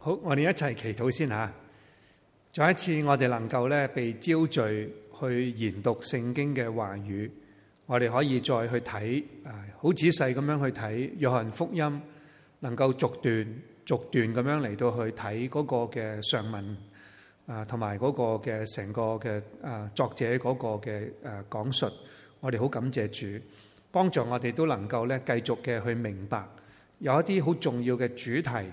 好，我哋一齊祈禱先吓。再一次，我哋能夠咧被招聚去研讀聖經嘅話語，我哋可以再去睇啊，好仔細咁樣去睇《約翰福音》，能夠逐段逐段咁樣嚟到去睇嗰個嘅上文啊，同埋嗰個嘅成個嘅作者嗰個嘅誒講述，我哋好感謝主，幫助我哋都能夠咧繼續嘅去明白有一啲好重要嘅主題。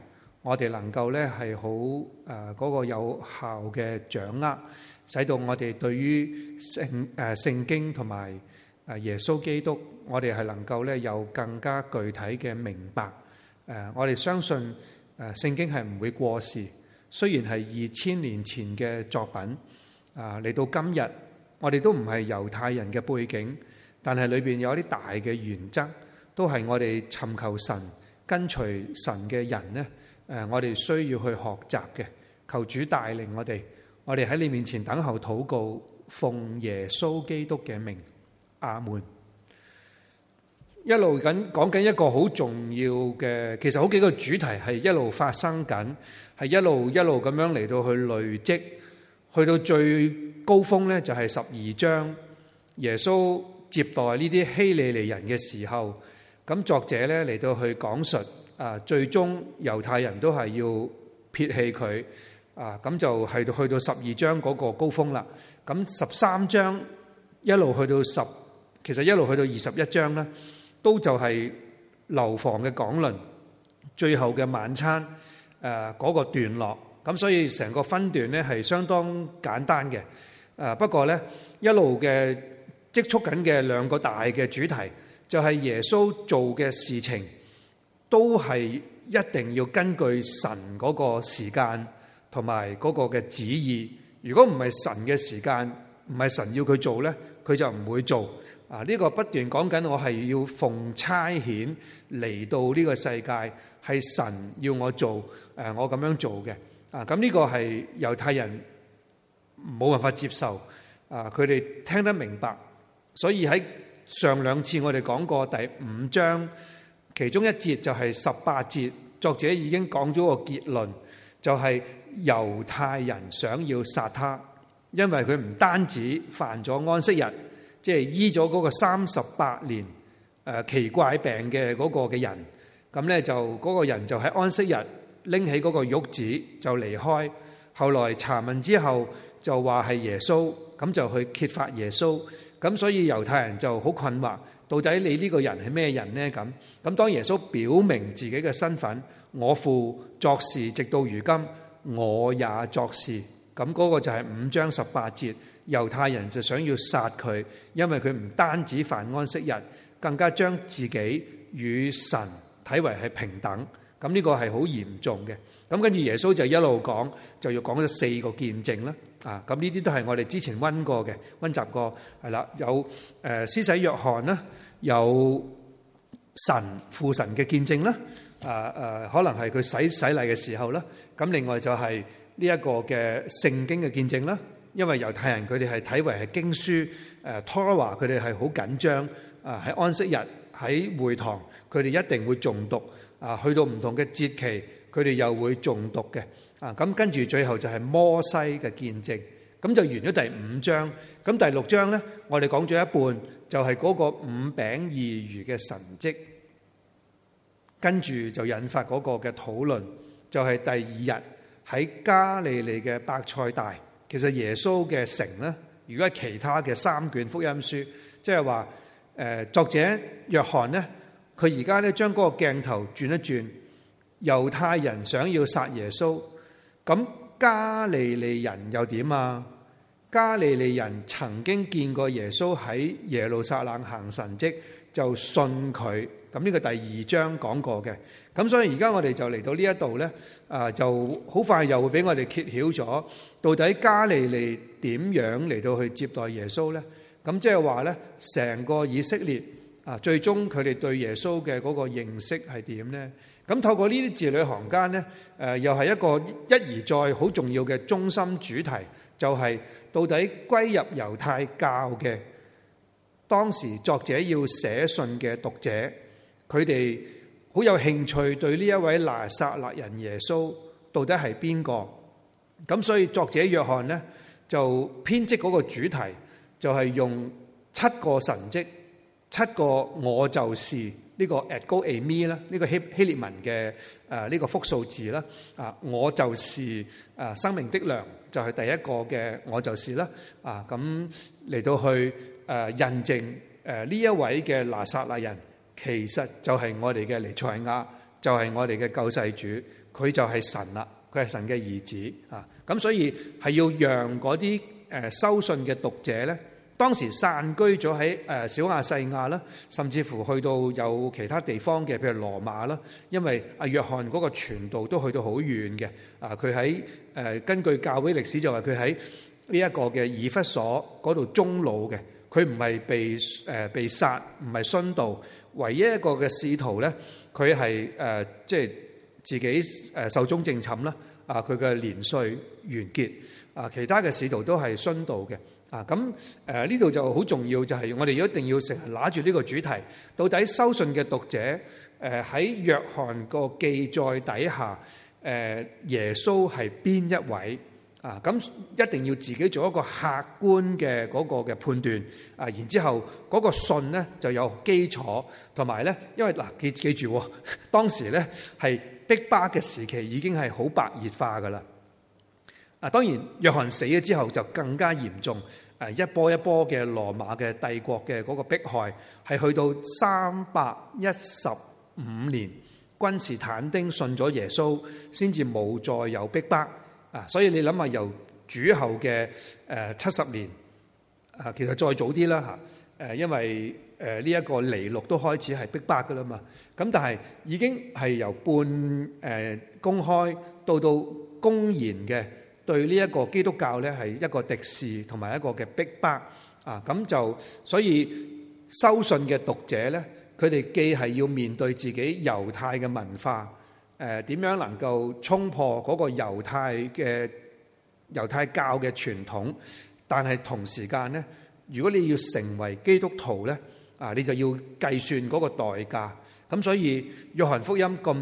我哋能夠咧係好誒嗰個有效嘅掌握，使到我哋對於聖誒聖經同埋誒耶穌基督，我哋係能夠咧有更加具體嘅明白誒、呃。我哋相信誒聖、呃、經係唔會過時，雖然係二千年前嘅作品啊，嚟、呃、到今日，我哋都唔係猶太人嘅背景，但係裏邊有一啲大嘅原則都係我哋尋求神、跟隨神嘅人咧。誒，我哋需要去學習嘅，求主帶領我哋，我哋喺你面前等候禱告，奉耶穌基督嘅名，阿門。一路緊講緊一個好重要嘅，其實好幾個主題係一路發生緊，係一路一路咁樣嚟到去累積，去到最高峰呢，就係十二章，耶穌接待呢啲希利尼人嘅時候，咁作者呢嚟到去講述。啊！最終猶太人都係要撇棄佢啊！咁就係去到十二章嗰個高峰啦。咁十三章一路去到十，其實一路去到二十一章呢，都就係樓房嘅講論，最後嘅晚餐誒嗰、那個段落。咁所以成個分段呢係相當簡單嘅。誒不過呢，一路嘅積蓄緊嘅兩個大嘅主題，就係、是、耶穌做嘅事情。都係一定要根據神嗰個時間同埋嗰個嘅旨意。如果唔係神嘅時間，唔係神要佢做呢，佢就唔會做。啊，呢個不斷講緊，我係要奉差遣嚟到呢個世界，係神要我做，誒，我咁樣做嘅。啊，咁呢個係猶太人冇辦法接受。啊，佢哋聽得明白。所以喺上兩次我哋講過第五章。其中一節就係十八節，作者已經講咗個結論，就係、是、猶太人想要殺他，因為佢唔單止犯咗安息日，即係醫咗嗰個三十八年奇怪病嘅嗰個嘅人，咁咧就嗰個人就喺安息日拎起嗰個褥子就離開，後來查問之後就話係耶穌，咁就去揭發耶穌，咁所以猶太人就好困惑。到底你呢個人係咩人呢？咁咁當耶穌表明自己嘅身份，我父作事，直到如今我也作事，咁、那、嗰個就係五章十八節，猶太人就想要殺佢，因為佢唔單止犯安息日，更加將自己與神睇為係平等，咁、這、呢個係好嚴重嘅。咁跟住耶穌就一路講，就要講咗四個見證啦。啊，咁呢啲都係我哋之前溫過嘅，溫習過係啦，有誒施洗約翰啦。有神父神嘅見證啦，啊啊，可能係佢洗洗禮嘅時候啦，咁另外就係呢一個嘅聖經嘅見證啦，因為猶太人佢哋係睇為係經書，誒，托拉佢哋係好緊張，啊，係安息日喺會堂佢哋一定會重讀，啊，去到唔同嘅節期佢哋又會重讀嘅，啊，咁跟住最後就係摩西嘅見證。咁就完咗第五章，咁第六章呢，我哋講咗一半，就係、是、嗰個五餅二魚嘅神蹟，跟住就引發嗰個嘅討論，就係、是、第二日喺加利利嘅伯賽大。其實耶穌嘅城呢，如果係其他嘅三卷福音書，即係話，誒、呃，作者約翰呢，佢而家咧將嗰個鏡頭轉一轉，猶太人想要殺耶穌，咁加利利人又點啊？加利利人曾經見過耶穌喺耶路撒冷行神蹟，就信佢。咁呢個第二章講過嘅。咁所以而家我哋就嚟到呢一度咧，啊，就好快又會俾我哋揭曉咗，到底加利利點樣嚟到去接待耶穌咧？咁即係話咧，成個以色列啊，最終佢哋對耶穌嘅嗰個認識係點咧？咁透過呢啲字裏行間咧，誒，又係一個一而再好重要嘅中心主題，就係。到底歸入猶太教嘅當時作者要寫信嘅讀者，佢哋好有興趣對呢一位拿撒勒人耶穌到底係邊個？咁所以作者約翰呢，就編織嗰個主題，就係、是、用七個神蹟，七個我就是呢、這個 ego eimi 啦，呢、這個希希臘文嘅誒呢個複數字啦，啊我就是誒生命的糧。就係、是、第一個嘅我就是啦，啊咁嚟到去誒印、呃、證誒呢、呃、一位嘅拿撒勒人，其實就係我哋嘅彌賽亞，就係、是、我哋嘅救世主，佢就係神啦，佢係神嘅兒子啊，咁所以係要讓嗰啲誒收信嘅讀者咧。當時散居咗喺誒小亞細亞啦，甚至乎去到有其他地方嘅，譬如羅馬啦。因為阿約翰嗰個傳道都去到好遠嘅。啊，佢喺誒根據教會歷史就話佢喺呢一個嘅以弗所嗰度終老嘅。佢唔係被誒、呃、被殺，唔係殉道。唯一一個嘅使徒咧，佢係誒即係自己誒壽終正寢啦。啊，佢嘅年歲完結。啊，其他嘅使徒都係殉道嘅。啊，咁誒呢度就好重要，就係、是、我哋一定要成日攬住呢個主題。到底收信嘅讀者誒喺、啊、約翰個記載底下誒、啊、耶穌係邊一位啊？咁、啊、一定要自己做一個客觀嘅嗰個嘅判斷啊。然之後嗰個信呢就有基礎，同埋咧，因為嗱、啊、記記住、哦、當時咧係逼巴嘅時期已經係好白熱化噶啦。啊，當然約翰死咗之後就更加嚴重。誒一波一波嘅羅馬嘅帝國嘅嗰個迫害，係去到三百一十五年，君士坦丁信咗耶穌，先至冇再有逼迫。啊，所以你諗下由主後嘅誒七十年，啊，其實再早啲啦嚇，誒因為誒呢一個尼祿都開始係逼迫㗎喇嘛，咁但係已經係由半誒公開到到公然嘅。對呢一個基督教呢，係一個敵視同埋一個嘅逼迫啊！咁就所以收信嘅讀者呢，佢哋既係要面對自己猶太嘅文化，誒點樣能夠衝破嗰個猶太嘅猶太教嘅傳統，但係同時間呢，如果你要成為基督徒呢，啊你就要計算嗰個代價。咁所以約翰福音咁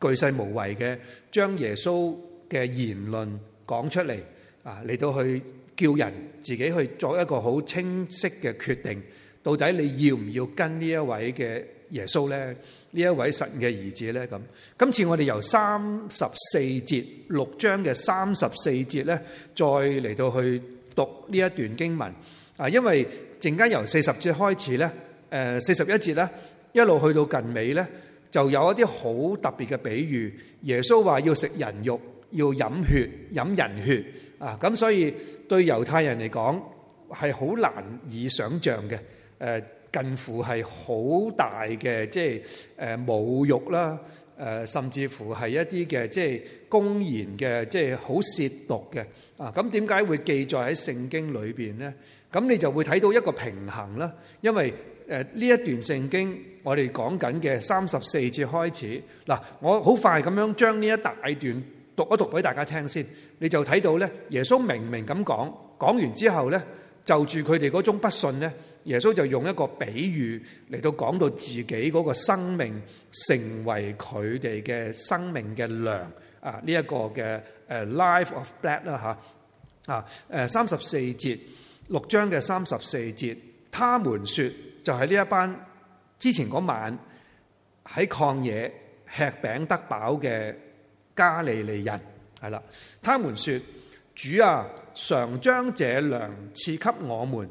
巨細無遺嘅將耶穌嘅言論講出嚟啊，嚟到去叫人自己去作一個好清晰嘅決定，到底你要唔要跟呢一位嘅耶穌呢？呢一位神嘅兒子呢？咁今次我哋由三十四節六章嘅三十四節呢，再嚟到去讀呢一段經文啊，因為陣間由四十節開始呢，誒，四十一節呢，一路去到近尾呢，就有一啲好特別嘅比喻。耶穌話要食人肉。要飲血飲人血啊！咁所以對猶太人嚟講係好難以想像嘅，誒近乎係好大嘅，即係誒侮辱啦，誒甚至乎係一啲嘅，即係公然嘅，即係好褻瀆嘅啊！咁點解會記載喺聖經裏邊咧？咁你就會睇到一個平衡啦。因為誒呢一段聖經，我哋講緊嘅三十四節開始嗱，我好快咁樣將呢一大段。讀一讀俾大家聽先，你就睇到咧，耶穌明明咁講，講完之後咧，就住佢哋嗰種不信咧，耶穌就用一個比喻嚟到講到自己嗰個生命成為佢哋嘅生命嘅糧啊！呢、這、一個嘅誒 life of bread 啦嚇啊誒三十四節六章嘅三十四節，他們説就係呢一班之前嗰晚喺曠野吃餅得飽嘅。加利利人係啦，他們說：主啊，常將這糧賜給我們。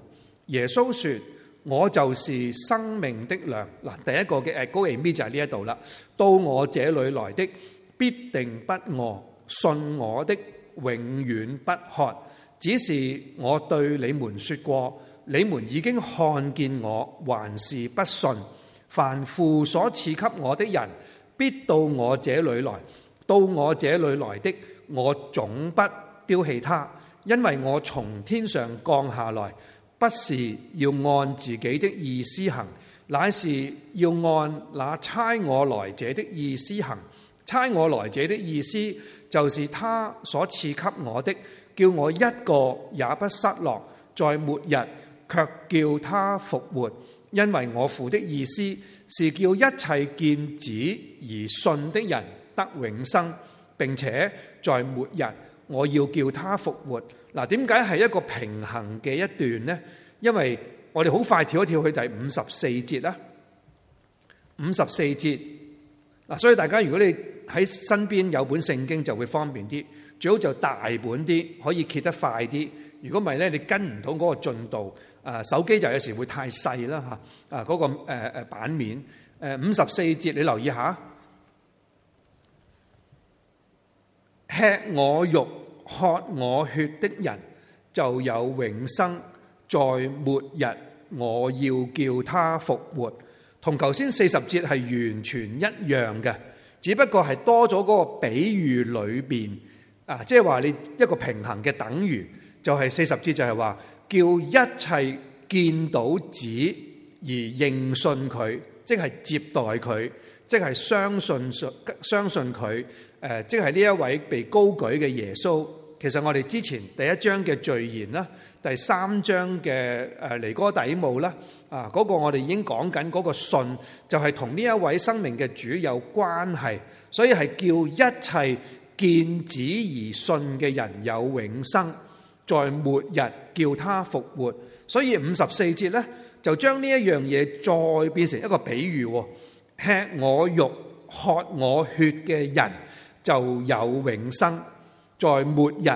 耶穌說：我就是生命的糧。嗱，第一個嘅誒高興咪就係呢一度啦。到我這裏來的，必定不餓；信我的，永遠不渴。只是我對你們説過，你們已經看見我，還是不信。凡父所賜給我的人，必到我這裏來。到我這裏來的，我總不丟棄他，因為我從天上降下來，不是要按自己的意思行，乃是要按那差我來者的意思行。差我來者的意思，就是他所賜給我的，叫我一個也不失落。在末日卻叫他復活，因為我父的意思是叫一切見子而信的人。永生，並且在末日，我要叫他復活。嗱，點解係一個平衡嘅一段呢？因為我哋好快跳一跳去第五十四節啦。五十四節，所以大家如果你喺身邊有本聖經就會方便啲，最好就大本啲，可以揭得快啲。如果唔係呢，你跟唔到嗰個進度。啊，手機就有時會太細啦，吓啊，嗰個誒誒版面。五十四節，你留意下。吃我肉、喝我血的人就有永生。在末日，我要叫他復活，同頭先四十節係完全一樣嘅，只不過係多咗嗰個比喻裏邊啊，即係話你一個平衡嘅，等於就係、是、四十節就係話叫一切見到子而認信佢，即係接待佢，即係相信信相信佢。誒，即係呢一位被高舉嘅耶穌。其實我哋之前第一章嘅序言啦，第三章嘅誒尼哥底母啦，啊、那、嗰個我哋已經講緊嗰個信，就係同呢一位生命嘅主有關係。所以係叫一切見子而信嘅人有永生，在末日叫他復活。所以五十四節呢，就將呢一樣嘢再變成一個比喻，吃我肉、喝我血嘅人。就有永生，在末日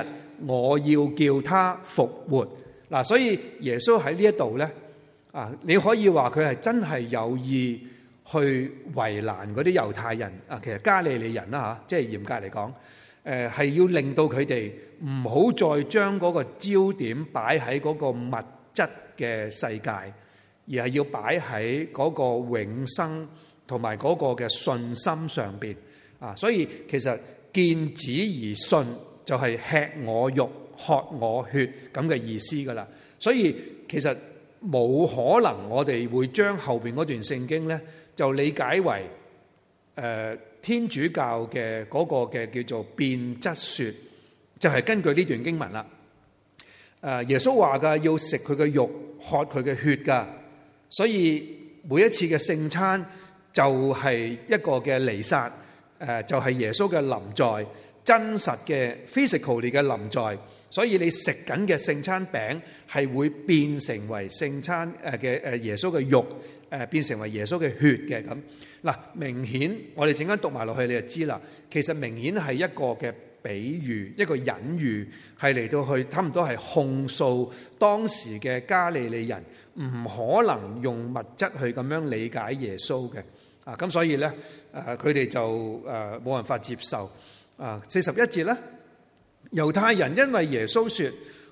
我要叫他復活嗱，所以耶穌喺呢一度咧啊，你可以話佢係真係有意去為難嗰啲猶太人啊，其實加利利人啦吓，即係嚴格嚟講，誒係要令到佢哋唔好再將嗰個焦點擺喺嗰個物質嘅世界，而係要擺喺嗰個永生同埋嗰個嘅信心上邊。啊！所以其實見子而信就係吃我肉、喝我血咁嘅意思噶啦。所以其實冇可能我哋會將後邊嗰段聖經咧就理解為誒天主教嘅嗰個嘅叫做變質説，就係根據呢段經文啦。誒，耶穌話噶要食佢嘅肉、喝佢嘅血噶，所以每一次嘅聖餐就係一個嘅彌撒。誒就係、是、耶穌嘅臨在，真實嘅 physical 嚟嘅臨在，所以你食緊嘅聖餐餅係會變成為聖餐誒嘅誒耶穌嘅肉誒變成為耶穌嘅血嘅咁。嗱，明顯我哋陣間讀埋落去，你就知啦。其實明顯係一個嘅比喻，一個隱喻，係嚟到去差唔多係控訴當時嘅加利利人唔可能用物質去咁樣理解耶穌嘅。啊，咁所以咧，誒佢哋就誒冇辦法接受。啊，四十一節咧，猶太人因為耶穌說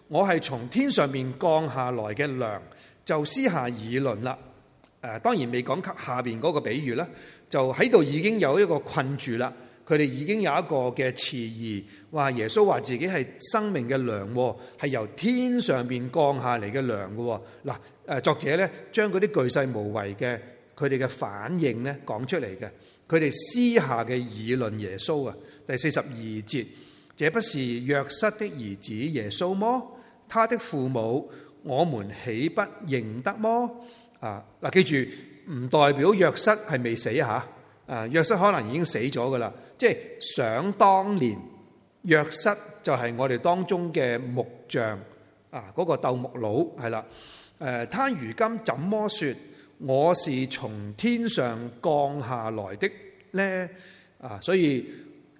我係從天上面降下來嘅糧，就私下議論啦。誒，當然未講及下邊嗰個比喻啦，就喺度已經有一個困住啦。佢哋已經有一個嘅遲疑，話耶穌話自己係生命嘅糧，係由天上邊降下嚟嘅糧嘅。嗱，誒作者咧將嗰啲巨細無遺嘅。佢哋嘅反應咧講出嚟嘅，佢哋私下嘅議論耶穌啊，第四十二節，這不是約瑟的兒子耶穌麼？他的父母，我們豈不認得麼？啊嗱，記住唔代表約瑟係未死嚇，啊約瑟可能已經死咗噶啦，即係想當年約瑟就係我哋當中嘅木匠啊，嗰個鬥木佬係啦，誒他如今怎麼說？我是從天上降下來的咧，啊！所以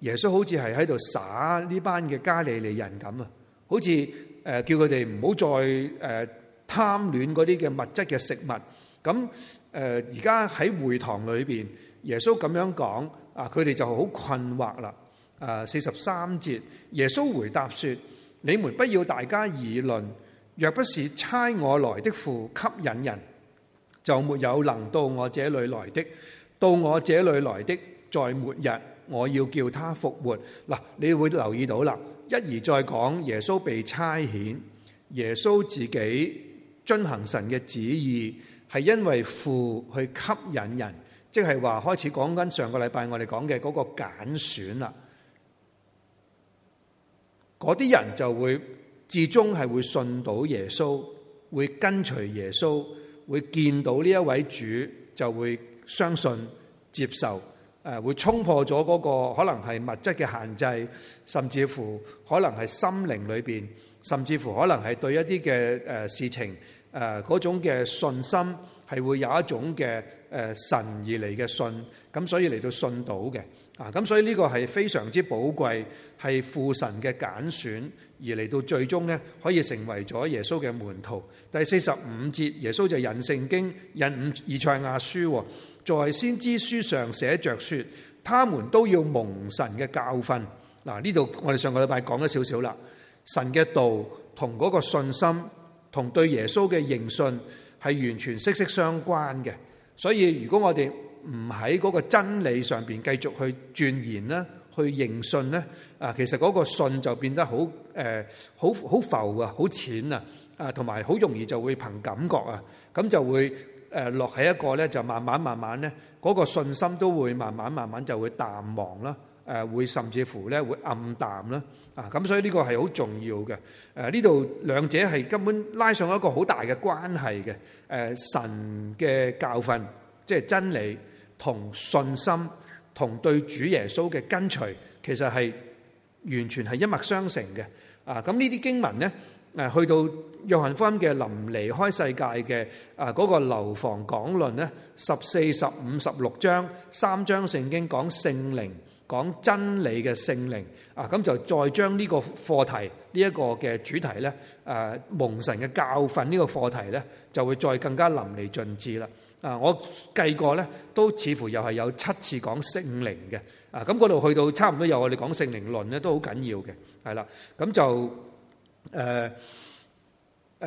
耶穌好似係喺度耍呢班嘅加利利人咁啊，好似誒叫佢哋唔好再誒貪戀嗰啲嘅物質嘅食物。咁誒而家喺會堂裏邊，耶穌咁樣講啊，佢哋就好困惑啦。啊，四十三節，耶穌回答說：你們不要大家議論，若不是差我來的父吸引人。就沒有能到我這裏來的，到我這裏來的，在末日我要叫他復活。嗱，你會留意到啦，一而再講耶穌被差遣，耶穌自己遵行神嘅旨意，係因為父去吸引人，即係話開始講緊上個禮拜我哋講嘅嗰個揀選啦，嗰啲人就會，至終係會信到耶穌，會跟隨耶穌。會見到呢一位主，就會相信接受，誒會衝破咗嗰個可能係物質嘅限制，甚至乎可能係心靈裏邊，甚至乎可能係對一啲嘅誒事情，誒嗰種嘅信心係會有一種嘅誒神而嚟嘅信，咁所以嚟到信到嘅，啊咁所以呢個係非常之寶貴，係父神嘅揀選。而嚟到最終呢可以成為咗耶穌嘅門徒。第四十五節，耶穌就引聖經、引以賽亞書，在先知書上寫着説：他們都要蒙神嘅教訓。嗱，呢度我哋上個禮拜講咗少少啦。神嘅道同嗰個信心同對耶穌嘅認信係完全息息相關嘅。所以如果我哋唔喺嗰個真理上邊繼續去鑽研咧，去認信咧，啊，其實嗰個信就變得好，誒，好好浮啊，好淺啊，啊，同埋好容易就會憑感覺啊，咁就會誒落喺一個咧，就慢慢慢慢咧，嗰個信心都會慢慢慢慢就會淡忘啦，誒，會甚至乎咧會暗淡啦，啊，咁所以呢個係好重要嘅，誒，呢度兩者係根本拉上一個好大嘅關係嘅，誒，神嘅教訓即係真理同信心。同對主耶穌嘅跟隨，其實係完全係一脈相承嘅。啊，咁呢啲經文呢，誒、啊、去到約翰福音嘅臨離開世界嘅啊嗰個樓房講論呢，十四、十五、十六章三章聖經講聖靈，講真理嘅聖靈。啊、咁、那個啊、就再將呢個課題，呢、這、一個嘅主題呢，誒、啊、蒙神嘅教訓呢個課題呢，就會再更加淋漓盡致啦。啊！我計過呢都似乎又係有七次講聖靈嘅啊！咁嗰度去到差唔多有我哋講聖靈論呢都好緊要嘅，係啦。咁就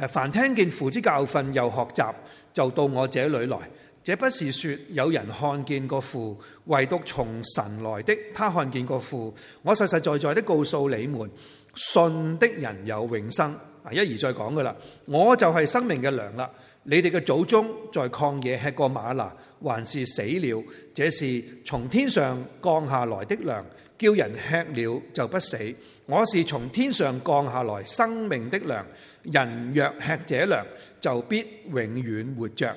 凡聽見父之教訓又學習，就到我這裏來這裏。這不是說有人看見過父，唯獨從神來的，他看見過父。我實實在在的告訴你們，信的人有永生。啊，一而再講噶啦，我就係生命嘅糧啦。你哋嘅祖宗在曠野吃過嗎哪，還是死了？這是從天上降下來的糧，叫人吃了就不死。我是從天上降下來生命的糧，人若吃這糧，就必永遠活着。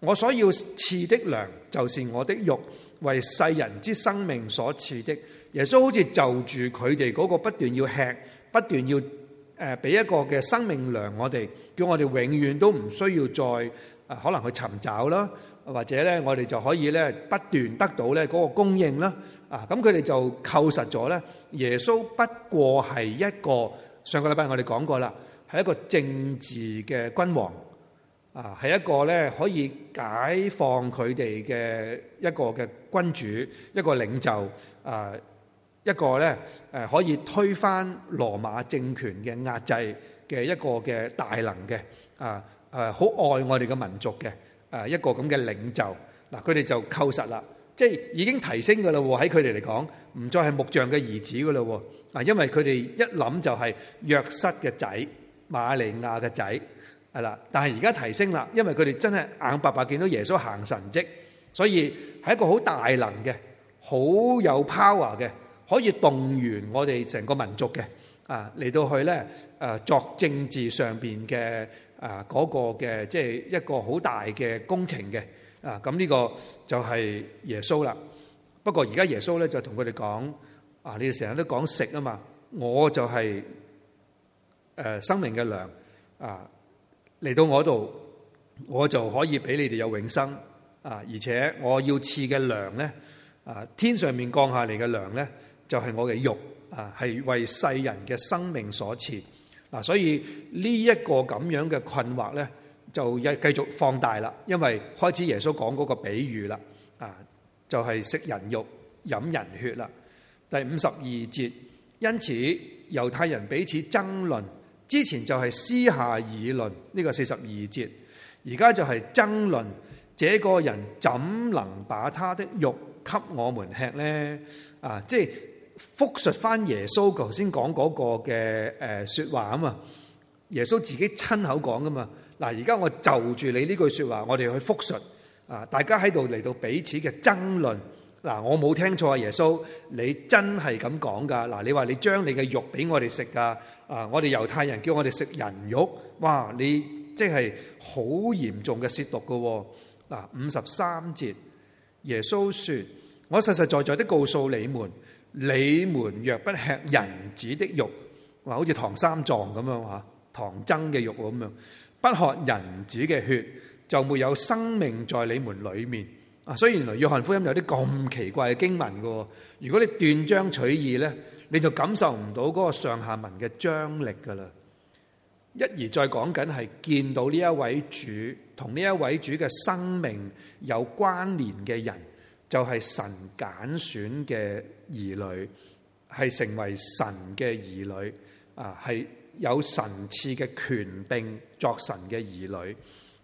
我所要賜的糧，就是我的肉，為世人之生命所賜的。耶穌好似就住佢哋嗰個不斷要吃，不斷要。誒俾一個嘅生命糧，我哋叫我哋永遠都唔需要再誒可能去尋找啦，或者咧我哋就可以咧不斷得到咧嗰個供應啦。啊，咁佢哋就扣實咗咧。耶穌不過係一個，上個禮拜我哋講過啦，係一個政治嘅君王啊，係一個咧可以解放佢哋嘅一個嘅君主，一個領袖啊。一個咧，誒可以推翻羅馬政權嘅壓制嘅一個嘅大能嘅，啊誒好愛我哋嘅民族嘅，誒一個咁嘅領袖。嗱，佢哋就扣實啦，即係已經提升噶啦喎。喺佢哋嚟講，唔再係木匠嘅兒子噶啦喎。嗱，因為佢哋一諗就係約瑟嘅仔、馬利亞嘅仔係啦。但係而家提升啦，因為佢哋真係眼白白見到耶穌行神蹟，所以係一個好大能嘅、好有 power 嘅。可以動員我哋成個民族嘅，啊嚟到去咧，誒作政治上邊嘅，誒嗰個嘅即係一個好大嘅工程嘅，啊咁呢個就係耶穌啦。不過而家耶穌咧就同佢哋講啊，你哋成日都講食啊嘛，我就係誒生命嘅糧啊，嚟到我度，我就可以俾你哋有永生啊，而且我要賜嘅糧咧啊，天上面降下嚟嘅糧咧。就係、是、我嘅肉啊，係為世人嘅生命所賜嗱，所以呢一、這個咁樣嘅困惑呢，就一繼續放大啦，因為開始耶穌講嗰個比喻啦，啊，就係、是、食人肉、飲人血啦。第五十二節，因此猶太人彼此爭論，之前就係私下議論呢、這個四十二節，而家就係爭論，這個人怎能把他的肉給我們吃呢？即」啊，即係。復述翻耶穌頭先講嗰個嘅誒說話啊嘛，耶穌自己親口講噶嘛。嗱，而家我就住你呢句說話，我哋去復述啊。大家喺度嚟到彼此嘅爭論嗱，我冇聽錯啊。耶穌，你真係咁講噶嗱？你話你將你嘅肉俾我哋食噶啊？我哋猶太人叫我哋食人肉哇，你即係好嚴重嘅褻瀆噶嗱。五十三節，耶穌說：我實實在在地告訴你們。你們若不吃人子的肉，話好似唐三藏咁樣吓，唐僧嘅肉咁樣，不喝人子嘅血，就沒有生命在你們裡面啊。雖然原來約翰福音有啲咁奇怪嘅經文噶。如果你斷章取義咧，你就感受唔到嗰個上下文嘅張力㗎啦。一而再講緊係見到呢一位主同呢一位主嘅生命有關聯嘅人，就係、是、神揀選嘅。兒女係成為神嘅兒女啊，係有神賜嘅權柄作神嘅兒女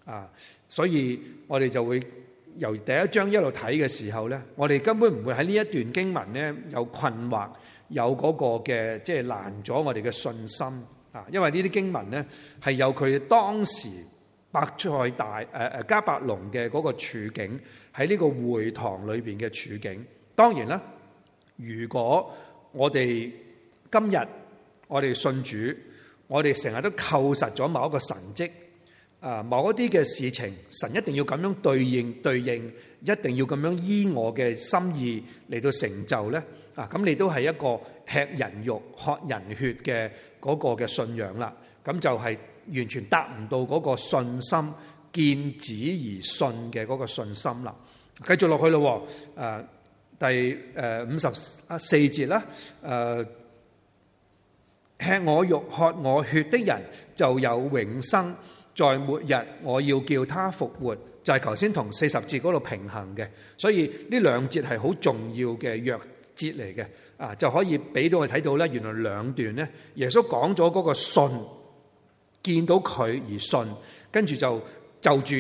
啊，所以我哋就會由第一章一路睇嘅時候咧，我哋根本唔會喺呢一段經文咧有困惑，有嗰個嘅即係難咗我哋嘅信心啊，因為呢啲經文咧係有佢當時伯賽大誒誒迦百農嘅嗰個處境，喺呢個會堂裏邊嘅處境，當然啦。如果我哋今日我哋信主，我哋成日都扣實咗某一個神蹟，啊，某啲嘅事情，神一定要咁樣對應對應，一定要咁樣依我嘅心意嚟到成就呢。啊，咁你都係一個吃人肉喝人血嘅嗰個嘅信仰啦，咁就係完全得唔到嗰個信心見子而信嘅嗰個信心啦。繼續落去咯，誒、呃。第五十啊四節啦，誒，吃我肉喝我血的人就有永生，在末日我要叫他復活。就係頭先同四十節嗰度平衡嘅，所以呢兩節係好重要嘅弱節嚟嘅。啊，就可以俾到我睇到咧，原來兩段呢，耶穌講咗嗰個信，見到佢而信，跟住就就住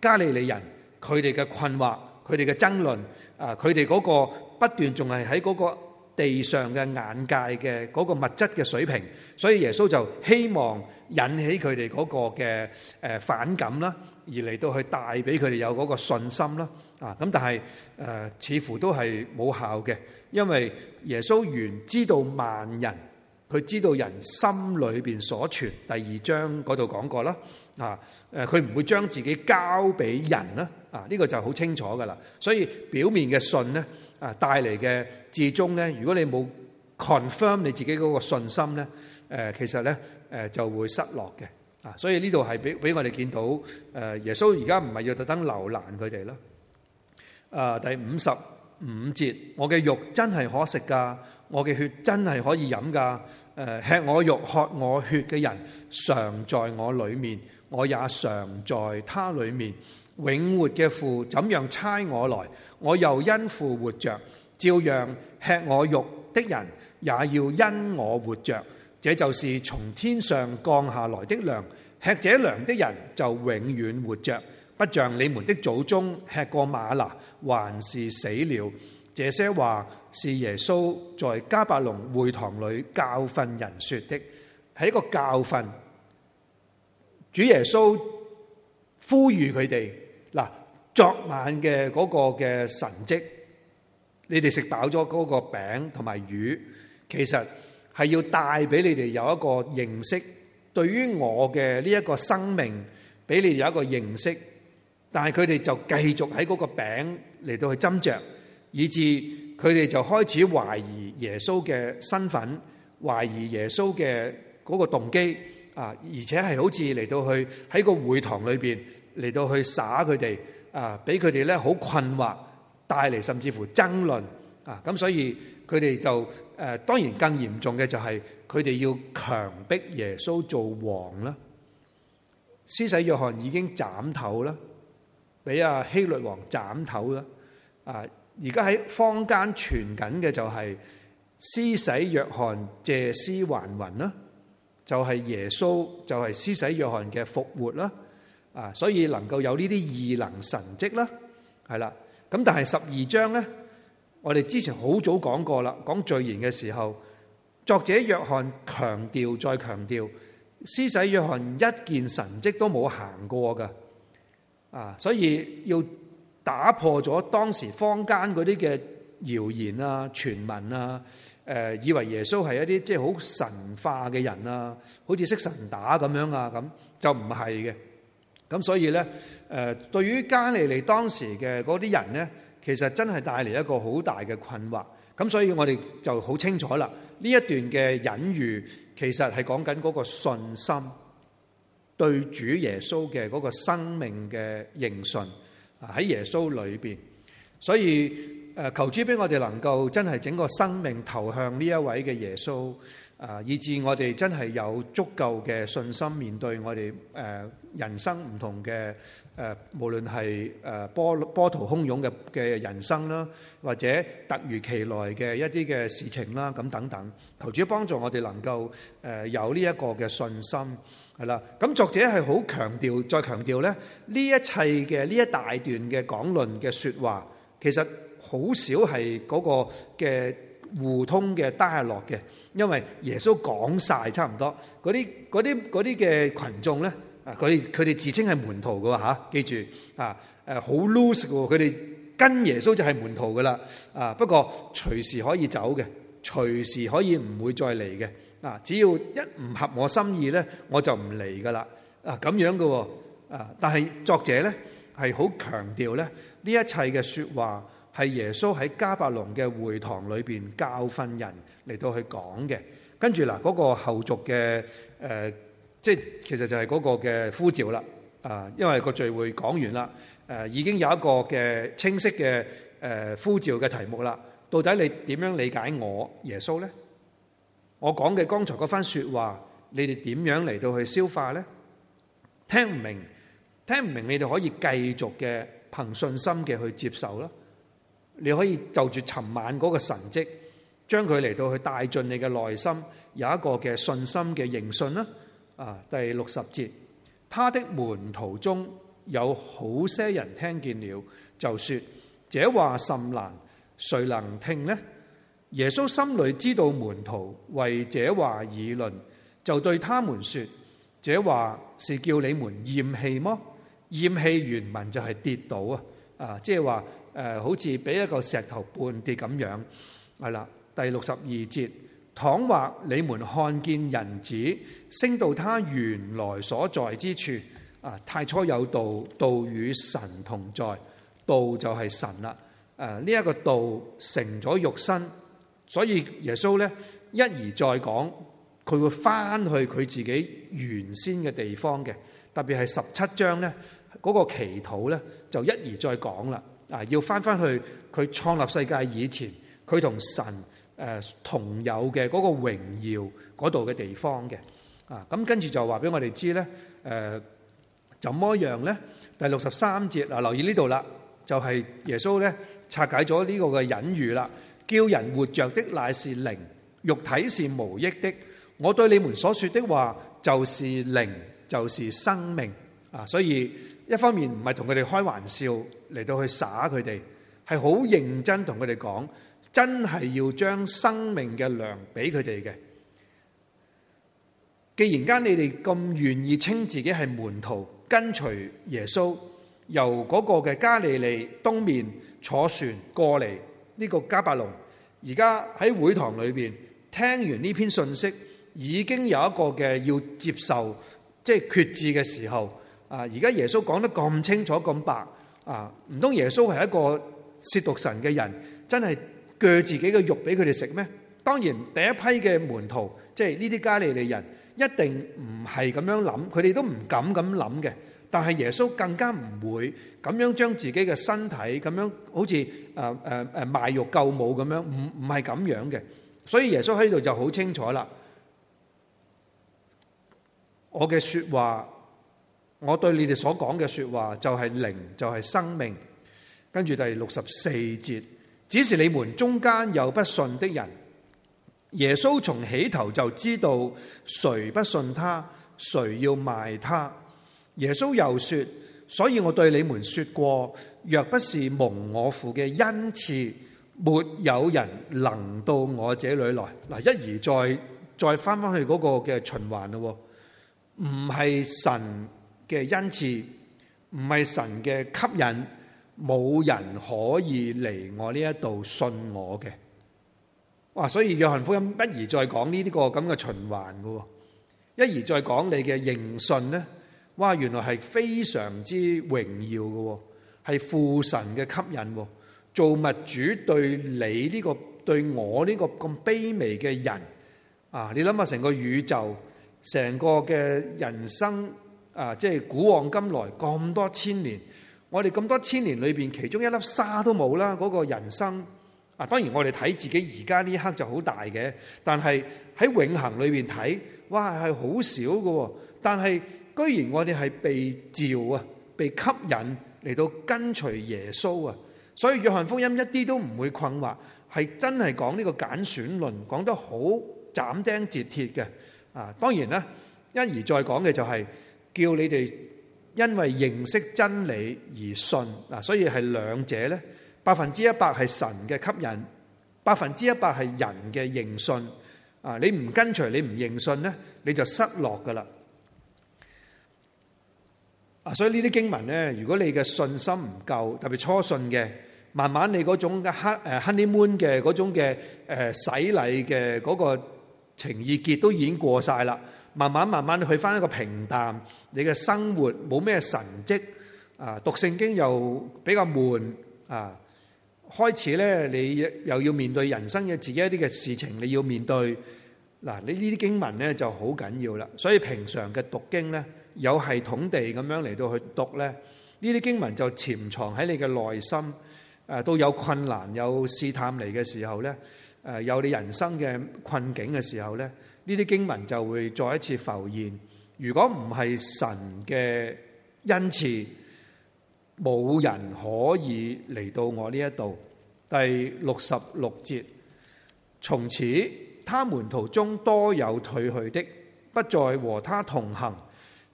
加利利人佢哋嘅困惑，佢哋嘅爭論。啊！佢哋嗰個不斷仲係喺嗰個地上嘅眼界嘅嗰個物質嘅水平，所以耶穌就希望引起佢哋嗰個嘅誒反感啦，而嚟到去帶俾佢哋有嗰個信心啦。啊！咁但係誒似乎都係冇效嘅，因為耶穌原知道萬人，佢知道人心裏邊所存，第二章嗰度講過啦。啊！誒，佢唔會將自己交俾人啦。啊，呢、這個就好清楚噶啦。所以表面嘅信咧，啊，帶嚟嘅至終咧，如果你冇 confirm 你自己嗰個信心咧，誒、啊，其實咧，誒、啊，就會失落嘅。啊，所以呢度係俾俾我哋見到，誒、啊，耶穌而家唔係要特登留難佢哋啦。啊，第五十五節，我嘅肉真係可食噶，我嘅血真係可以飲噶。誒、啊，吃我肉喝我血嘅人，常在我裏面。我也常在他裏面。永活嘅父，怎樣差我來，我又因父活着，照樣吃我肉的人也要因我活着。這就是從天上降下來的糧，吃這糧的人就永遠活着，不像你們的祖宗吃過嗎哪，還是死了。這些話是耶穌在迦百農會堂裏教訓人說的，係一個教訓。主耶穌呼籲佢哋嗱，昨晚嘅嗰個嘅神迹，你哋食飽咗嗰個餅同埋魚，其實係要帶俾你哋有一個認識，對於我嘅呢一個生命俾你有一個認識，但係佢哋就繼續喺嗰個餅嚟到去斟酌，以至佢哋就開始懷疑耶穌嘅身份，懷疑耶穌嘅嗰個動機。啊！而且係好似嚟到去喺個會堂裏面嚟到去耍佢哋啊，俾佢哋咧好困惑，帶嚟甚至乎爭論啊！咁所以佢哋就誒、啊，當然更嚴重嘅就係佢哋要強迫耶穌做王啦。施、啊、洗約翰已經斬頭啦，俾、啊、阿、啊、希律王斬頭啦。啊！而家喺坊間傳緊嘅就係施洗約翰借屍還魂啦。啊就係、是、耶穌，就係施洗約翰嘅復活啦，啊，所以能夠有呢啲異能神蹟啦，係啦。咁但係十二章咧，我哋之前好早講過啦，講序言嘅時候，作者約翰強調再強調，施洗約翰一件神蹟都冇行過嘅，啊，所以要打破咗當時坊間嗰啲嘅謠言啊、傳聞啊。誒，以為耶穌係一啲即係好神化嘅人啊，好似識神打咁樣啊，咁就唔係嘅。咁所以咧，誒，對於加利利當時嘅嗰啲人咧，其實真係帶嚟一個好大嘅困惑。咁所以我哋就好清楚啦。呢一段嘅隱喻，其實係講緊嗰個信心對主耶穌嘅嗰個生命嘅認信啊，喺耶穌裏邊，所以。誒求主俾我哋能夠真係整個生命投向呢一位嘅耶穌，以致我哋真係有足夠嘅信心面對我哋誒人生唔同嘅誒，無論係誒波波濤洶湧嘅嘅人生啦，或者突如其來嘅一啲嘅事情啦，咁等等。求主幫助我哋能夠誒有呢一個嘅信心係啦。咁作者係好強調，再強調咧呢一切嘅呢一大段嘅講論嘅說話，其實。好少係嗰個嘅互通嘅單下落嘅，因為耶穌講晒差唔多嗰啲嗰啲嗰啲嘅羣眾咧，佢佢哋自稱係門徒㗎喎，嚇，記住啊誒好 loose 㗎喎，佢哋跟耶穌就係門徒㗎啦啊。不過隨時可以走嘅，隨時可以唔會再嚟嘅啊。只要一唔合我心意咧，我就唔嚟㗎啦啊咁樣㗎喎啊。但係作者咧係好強調咧呢一切嘅説話。係耶穌喺迦百農嘅會堂裏邊教訓人嚟到去講嘅，跟住嗱嗰個後續嘅誒、呃，即係其實就係嗰個嘅呼召啦，啊、呃，因為個聚會講完啦，誒、呃、已經有一個嘅清晰嘅誒、呃、呼召嘅題目啦，到底你點樣理解我耶穌咧？我講嘅剛才嗰番說話，你哋點樣嚟到去消化咧？聽唔明，聽唔明，你哋可以繼續嘅憑信心嘅去接受啦。你可以就住尋晚嗰個神蹟，將佢嚟到去帶進你嘅內心，有一個嘅信心嘅認信啦。啊，第六十節，他的門徒中有好些人聽見了，就説：這話甚難，誰能聽呢？耶穌心裏知道門徒為這話議論，就對他們説：這話是叫你們厭棄麼？厭棄原文就係跌倒啊！啊，即係話。誒、呃、好似俾一個石頭半跌咁樣係啦。第六十二節，倘若你們看見人子升到他原來所在之處啊、呃，太初有道，道與神同在，道就係神啦。呢、呃、一、這個道成咗肉身，所以耶穌呢一而再講，佢會翻去佢自己原先嘅地方嘅。特別係十七章呢嗰、那個祈禱呢，就一而再講啦。啊！要返返去佢創立世界以前，佢同神、呃、同有嘅嗰個榮耀嗰度嘅地方嘅啊！咁跟住就話俾我哋知咧，誒、呃，怎麼樣咧？第六十三節、啊、留意呢度啦，就係、是、耶穌咧拆解咗呢個嘅隱喻啦，叫人活着的乃是靈，肉體是無益的。我對你們所說的話，就是靈，就是生命啊！所以。一方面唔係同佢哋開玩笑嚟，到去耍佢哋，係好認真同佢哋講，真係要將生命嘅糧俾佢哋嘅。既然間你哋咁願意稱自己係門徒，跟隨耶穌，由嗰個嘅加利利東面坐船過嚟呢個迦百農，而家喺會堂裏邊聽完呢篇信息，已經有一個嘅要接受，即係決志嘅時候。啊！而家耶穌講得咁清楚咁白啊！唔通耶穌係一個褻瀆神嘅人，真係鋸自己嘅肉俾佢哋食咩？當然第一批嘅門徒，即係呢啲加利利人，一定唔係咁樣諗，佢哋都唔敢咁諗嘅。但係耶穌更加唔會咁樣將自己嘅身體咁樣，好似誒誒誒賣肉救母咁樣，唔唔係咁樣嘅。所以耶穌喺度就好清楚啦，我嘅説話。我對你哋所講嘅說話就係靈，就係生命。跟住第六十四節，只是你們中間有不信的人。耶穌從起頭就知道誰不信他，誰要賣他。耶穌又說：所以我對你們說過，若不是蒙我父嘅恩賜，沒有人能到我這裏來。嗱，一而再，再翻翻去嗰個嘅循環咯。唔係神嘅，恩賜唔係神嘅吸引，冇人可以嚟我呢一度信我嘅。哇！所以約翰福音一而再講呢啲個咁嘅循環嘅，一而再講你嘅認信咧，哇！原來係非常之榮耀嘅，係父神嘅吸引，做物主對你呢個對我呢個咁卑微嘅人啊！你諗下成個宇宙，成個嘅人生。啊！即係古往今來咁多千年，我哋咁多千年裏面其中一粒沙都冇啦。嗰個人生啊，當然我哋睇自己而家呢一刻就好大嘅，但係喺永恆裏面睇，哇，係好少喎。但係居然我哋係被召啊，被吸引嚟到跟隨耶穌啊，所以約翰福音一啲都唔會困惑，係真係講呢個揀選論，講得好斬釘截鐵嘅啊。當然啦，一而再講嘅就係。叫你哋因為認識真理而信，嗱，所以係兩者咧，百分之一百係神嘅吸引，百分之一百係人嘅認信。啊，你唔跟隨，你唔認信咧，你就失落噶啦。啊，所以呢啲經文咧，如果你嘅信心唔夠，特別初信嘅，慢慢你嗰種嘅 Honey 誒 Honey Moon 嘅嗰種嘅誒洗禮嘅嗰個情意結都已經過晒啦。慢慢慢慢去返一個平淡，你嘅生活冇咩神跡啊，讀聖經又比較悶啊。開始咧，你又要面對人生嘅自己一啲嘅事情，你要面對嗱、啊，你呢啲經文咧就好緊要啦。所以平常嘅讀經咧，有系統地咁樣嚟到去讀咧，呢啲經文就潛藏喺你嘅內心。誒、啊，到有困難有試探嚟嘅時候咧，誒、啊，有你人生嘅困境嘅時候咧，呢啲經文就會再一次浮現。如果唔係神嘅恩賜，冇人可以嚟到我呢一度。第六十六節，從此，他門徒中多有退去的，不再和他同行。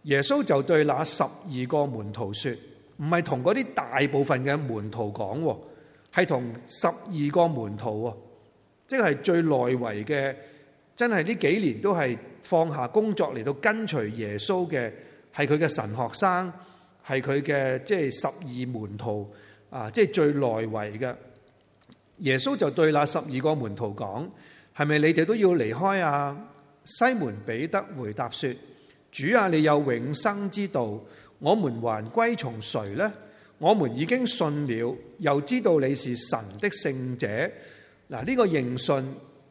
耶穌就對那十二個門徒說：唔係同嗰啲大部分嘅門徒講，係同十二個門徒啊，即係最內圍嘅。真係呢幾年都係放下工作嚟到跟隨耶穌嘅，係佢嘅神學生，係佢嘅即係十二門徒啊，即係最內圍嘅。耶穌就對那十二個門徒講：係咪你哋都要離開啊？西門彼得回答說：主啊，你有永生之道，我們還歸從誰呢？我們已經信了，又知道你是神的聖者。嗱，呢個認信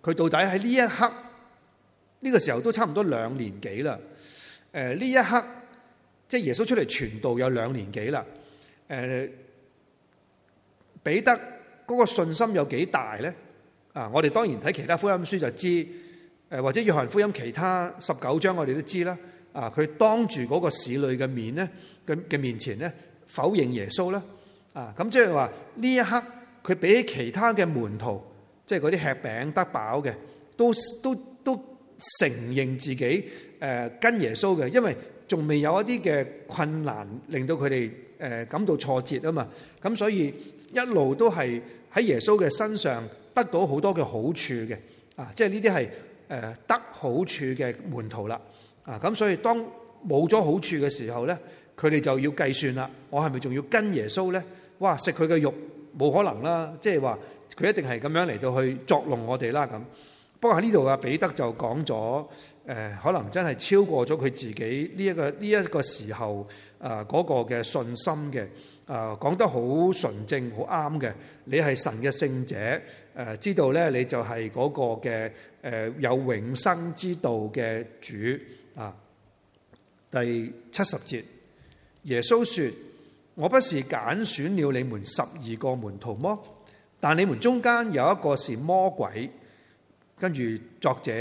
佢到底喺呢一刻？呢、這個時候都差唔多兩年幾啦，誒、呃、呢一刻即係耶穌出嚟傳道有兩年幾啦，誒彼得嗰個信心有幾大咧？啊，我哋當然睇其他福音書就知，誒、呃、或者約翰福音其他十九章我哋都知啦。啊，佢當住嗰個使女嘅面咧，嘅嘅面前咧否認耶穌啦。啊，咁、啊、即係話呢一刻佢比起其他嘅門徒，即係嗰啲吃餅得飽嘅，都都都。都承認自己誒跟耶穌嘅，因為仲未有一啲嘅困難令到佢哋誒感到挫折啊嘛，咁所以一路都係喺耶穌嘅身上得到好多嘅好處嘅，啊，即係呢啲係誒得好處嘅門徒啦，啊，咁所以當冇咗好處嘅時候呢，佢哋就要計算啦，「我係咪仲要跟耶穌呢？」哇，食佢嘅肉冇可能啦，即係話佢一定係咁樣嚟到去作弄我哋啦咁。不過喺呢度啊，彼得就講咗，誒、呃，可能真係超過咗佢自己呢、這、一個呢一、這個時候啊嗰、呃那個嘅信心嘅，啊、呃，講得好純正，好啱嘅。你係神嘅聖者，誒、呃，知道咧，你就係嗰個嘅，誒、呃，有永生之道嘅主啊。第七十節，耶穌說，我不是揀選了你們十二個門徒麼？但你們中間有一個是魔鬼。跟住作者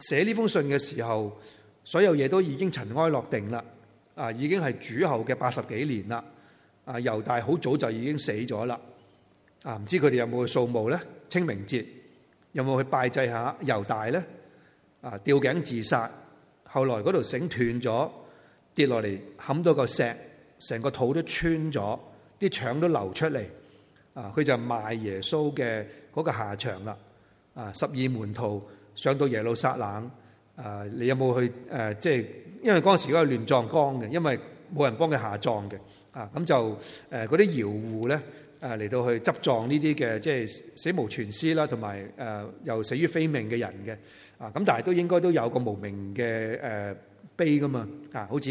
寫呢封信嘅時候，所有嘢都已經塵埃落定啦。啊，已經係主後嘅八十幾年啦。啊，猶大好早就已經死咗啦。啊，唔知佢哋有冇去掃墓咧？清明節有冇去拜祭下猶大咧？啊，吊頸自殺，後來嗰條繩斷咗，跌落嚟冚到個石，成個肚都穿咗，啲腸都流出嚟。啊，佢就賣耶穌嘅嗰個下場啦。啊！十二門徒上到耶路撒冷，啊，你有冇去？誒，即係因為嗰陣時嗰個亂葬崗嘅，因為冇人幫佢下葬嘅，啊，咁就誒嗰啲僑戶咧，誒嚟到去執葬呢啲嘅，即係死無全屍啦，同埋誒又死於非命嘅人嘅，啊，咁但係都應該都有個無名嘅誒碑㗎嘛，啊，好似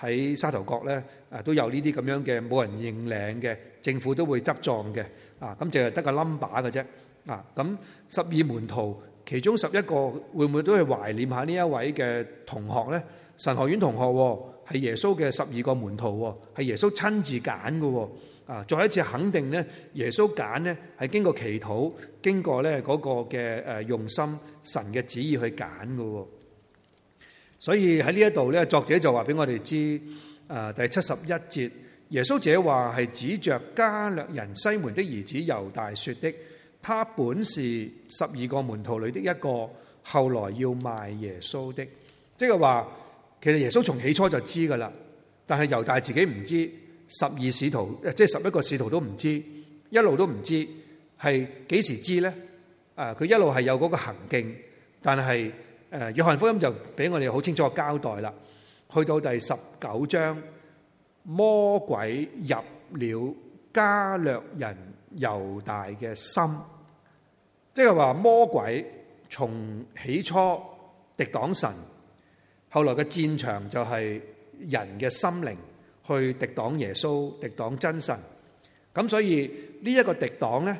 喺沙頭角咧，啊都有呢啲咁樣嘅冇人認領嘅政府都會執葬嘅，啊，咁淨係得個冧把嘅啫。啊，咁十二門徒其中十一個會唔會都係懷念下呢一位嘅同學咧？神學院同學係耶穌嘅十二個門徒，係耶穌親自揀嘅。啊，再一次肯定咧，耶穌揀咧係經過祈禱，經過咧嗰個嘅誒用心神嘅旨意去揀嘅。所以喺呢一度咧，作者就話俾我哋知，誒第七十一節，耶穌這話係指着加略人西門的兒子猶大說的。他本是十二個門徒裏的一個，後來要賣耶穌的。即係話，其實耶穌從起初就知噶啦，但係猶大自己唔知，十二使徒，即係十一個使徒都唔知，一路都唔知，係幾時知咧？誒、啊，佢一路係有嗰個行徑，但係誒、呃，約翰福音就俾我哋好清楚嘅交代啦。去到第十九章，魔鬼入了加略人猶大嘅心，即係話魔鬼從起初敵擋神，後來嘅戰場就係人嘅心靈去敵擋耶穌、敵擋真神。咁所以呢一個敵擋咧，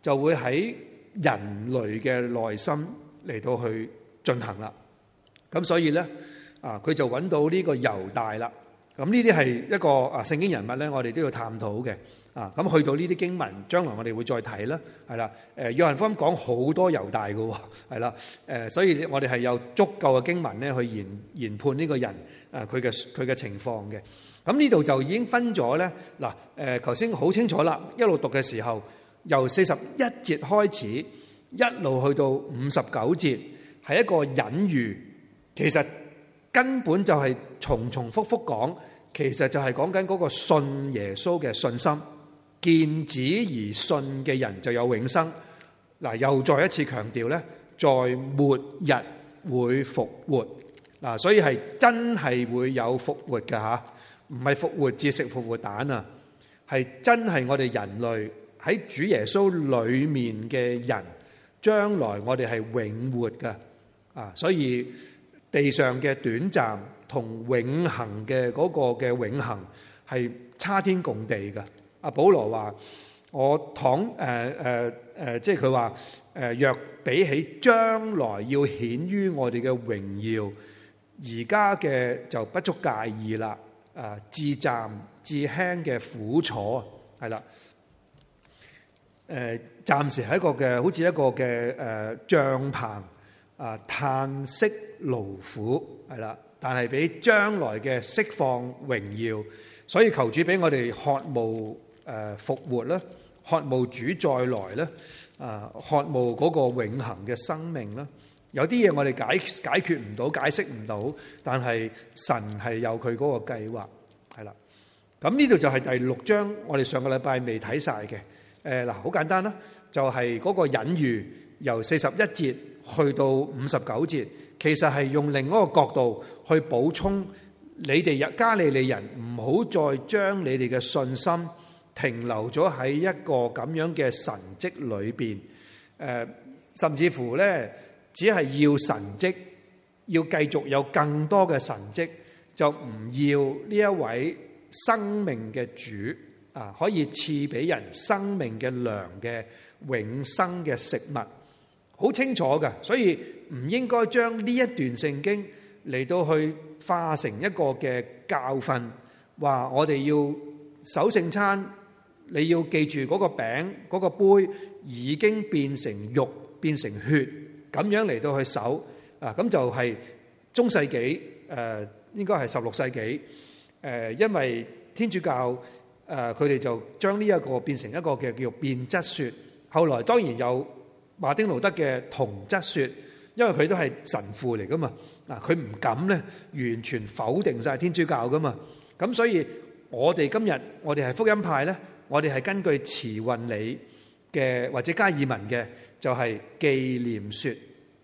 就會喺人類嘅內心嚟到去進行啦。咁所以咧啊，佢就揾到呢個猶大啦。咁呢啲係一個啊聖經人物咧，我哋都要探討嘅。啊，咁去到呢啲經文，將來我哋會再睇啦，係啦。誒，約翰福音講好多猶大嘅，係啦。誒，所以我哋係有足夠嘅經文咧去研研判呢個人，誒佢嘅佢嘅情況嘅。咁呢度就已經分咗咧。嗱，誒，頭先好清楚啦，一路讀嘅時候，由四十一節開始，一路去到五十九節，係一個隱喻。其實根本就係重重複複講，其實就係講緊嗰個信耶穌嘅信心。見子而信嘅人就有永生。嗱，又再一次強調咧，在末日會復活。嗱，所以係真係會有復活嘅，吓，唔係復活節食復活蛋啊，係真係我哋人類喺主耶穌裏面嘅人，將來我哋係永活嘅啊。所以地上嘅短暫同永恒嘅嗰個嘅永恒係差天共地嘅。阿保羅話：我倘誒誒誒，即係佢話誒，若比起將來要顯於我哋嘅榮耀，而家嘅就不足介意啦。啊，至暫至輕嘅苦楚，係啦，誒、呃，暫時係一個嘅，好似一個嘅誒、呃、帳篷啊，嘆、呃、息勞苦，係啦，但係比將來嘅釋放榮耀，所以求主俾我哋渴慕。誒復活啦，渴慕主再來啦，啊渴慕嗰個永恆嘅生命啦。有啲嘢我哋解解決唔到，解釋唔到，但係神係有佢嗰個計劃，係啦。咁呢度就係第六章，我哋上個禮拜未睇晒嘅。誒嗱，好簡單啦，就係、是、嗰個隱喻，由四十一節去到五十九節，其實係用另一個角度去補充你哋人加利利人，唔好再將你哋嘅信心。停留咗喺一個咁樣嘅神蹟裏邊，誒、呃，甚至乎呢，只係要神蹟，要繼續有更多嘅神蹟，就唔要呢一位生命嘅主啊，可以賜俾人生命嘅糧嘅永生嘅食物，好清楚㗎。所以唔應該將呢一段聖經嚟到去化成一個嘅教訓，話我哋要守聖餐。你要記住嗰個餅嗰、嗰個杯已經變成肉變成血咁樣嚟到去守啊，咁就係、是、中世紀誒、呃、應該係十六世紀誒、呃，因為天主教誒佢哋就將呢一個變成一個嘅叫變質説。後來當然有馬丁路德嘅同質説，因為佢都係神父嚟噶嘛啊，佢唔敢咧完全否定晒天主教噶嘛咁、啊，所以我哋今日我哋係福音派咧。我哋係根據慈運理嘅或者加爾文嘅，就係紀念說，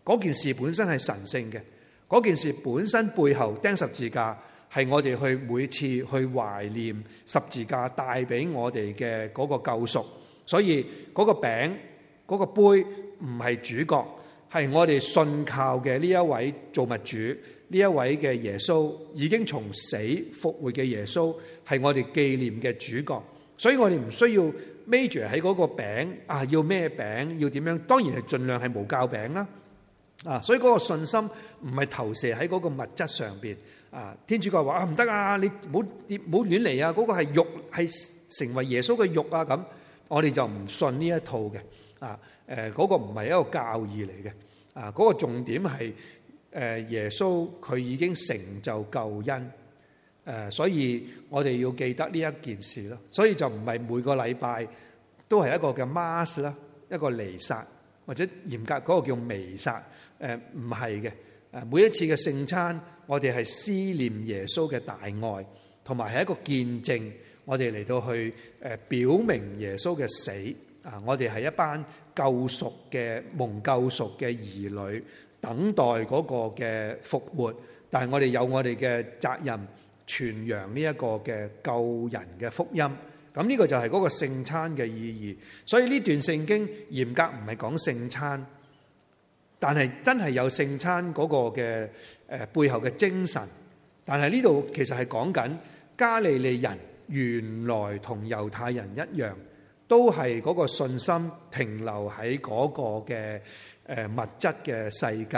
嗰件事本身係神聖嘅，嗰件事本身背後釘十字架係我哋去每次去懷念十字架帶俾我哋嘅嗰個救贖。所以嗰個餅嗰個杯唔係主角，係我哋信靠嘅呢一位造物主，呢一位嘅耶穌已經從死復活嘅耶穌，係我哋紀念嘅主角。所以我哋唔需要 major 喺嗰個餅啊，要咩餅要點樣，當然係盡量係冇酵餅啦。啊，所以嗰個信心唔係投射喺嗰個物質上邊啊，天主教話啊唔得啊，你唔好你唔好亂嚟啊！嗰個係肉係成為耶穌嘅肉啊咁，我哋就唔信呢一套嘅。啊，誒、啊、嗰個唔係一個教義嚟嘅。啊，嗰個重點係誒、啊、耶穌佢已經成就救恩。誒，所以我哋要記得呢一件事咯。所以就唔係每個禮拜都係一個嘅 mass 啦，一個彌撒或者嚴格嗰、嗰個叫彌撒。誒，唔係嘅。誒，每一次嘅聖餐，我哋係思念耶穌嘅大愛，同埋係一個見證。我哋嚟到去誒表明耶穌嘅死啊！我哋係一班救贖嘅蒙救贖嘅兒女，等待嗰個嘅復活。但係我哋有我哋嘅責任。傳揚呢一個嘅救人嘅福音，咁呢個就係嗰個聖餐嘅意義。所以呢段聖經嚴格唔係講聖餐，但係真係有聖餐嗰個嘅誒、呃、背後嘅精神。但係呢度其實係講緊加利利人原來同猶太人一樣，都係嗰個信心停留喺嗰個嘅誒、呃、物質嘅世界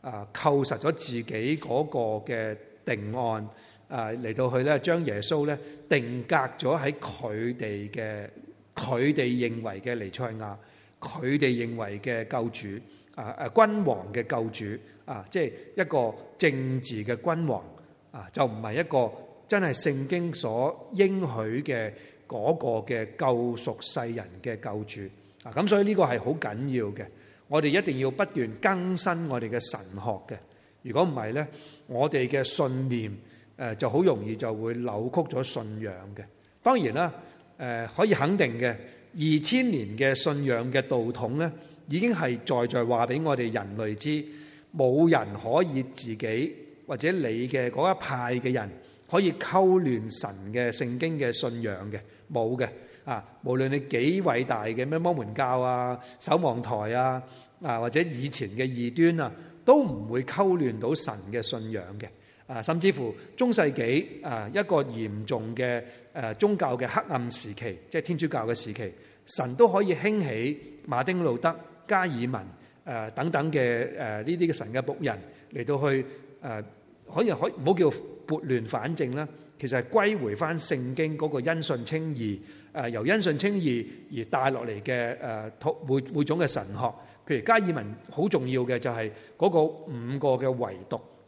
啊、呃，扣實咗自己嗰個嘅定案。誒，嚟到去咧，將耶穌咧定格咗喺佢哋嘅佢哋認為嘅彌賽亞，佢哋認為嘅救主啊，誒君王嘅救主啊，即係一個政治嘅君王啊，就唔係一個真係聖經所應許嘅嗰個嘅救贖世人嘅救主啊。咁所以呢個係好緊要嘅，我哋一定要不斷更新我哋嘅神學嘅。如果唔係咧，我哋嘅信念，就好容易就會扭曲咗信仰嘅。當然啦，可以肯定嘅，二千年嘅信仰嘅道統咧，已經係在在話俾我哋人類知，冇人可以自己或者你嘅嗰一派嘅人可以溝亂神嘅聖經嘅信仰嘅，冇嘅啊！無論你幾偉大嘅咩摩門教啊、守望台啊啊，或者以前嘅異端啊，都唔會溝亂到神嘅信仰嘅。啊，甚至乎中世紀啊，一個嚴重嘅誒宗教嘅黑暗時期，即係天主教嘅時期，神都可以興起馬丁路德、加爾文誒等等嘅誒呢啲嘅神嘅僕人嚟到去誒可以可唔好叫撥亂反正啦，其實係歸回翻聖經嗰個因信稱義誒，由因信稱義而帶落嚟嘅誒每每種嘅神學，譬如加爾文好重要嘅就係嗰個五個嘅唯獨。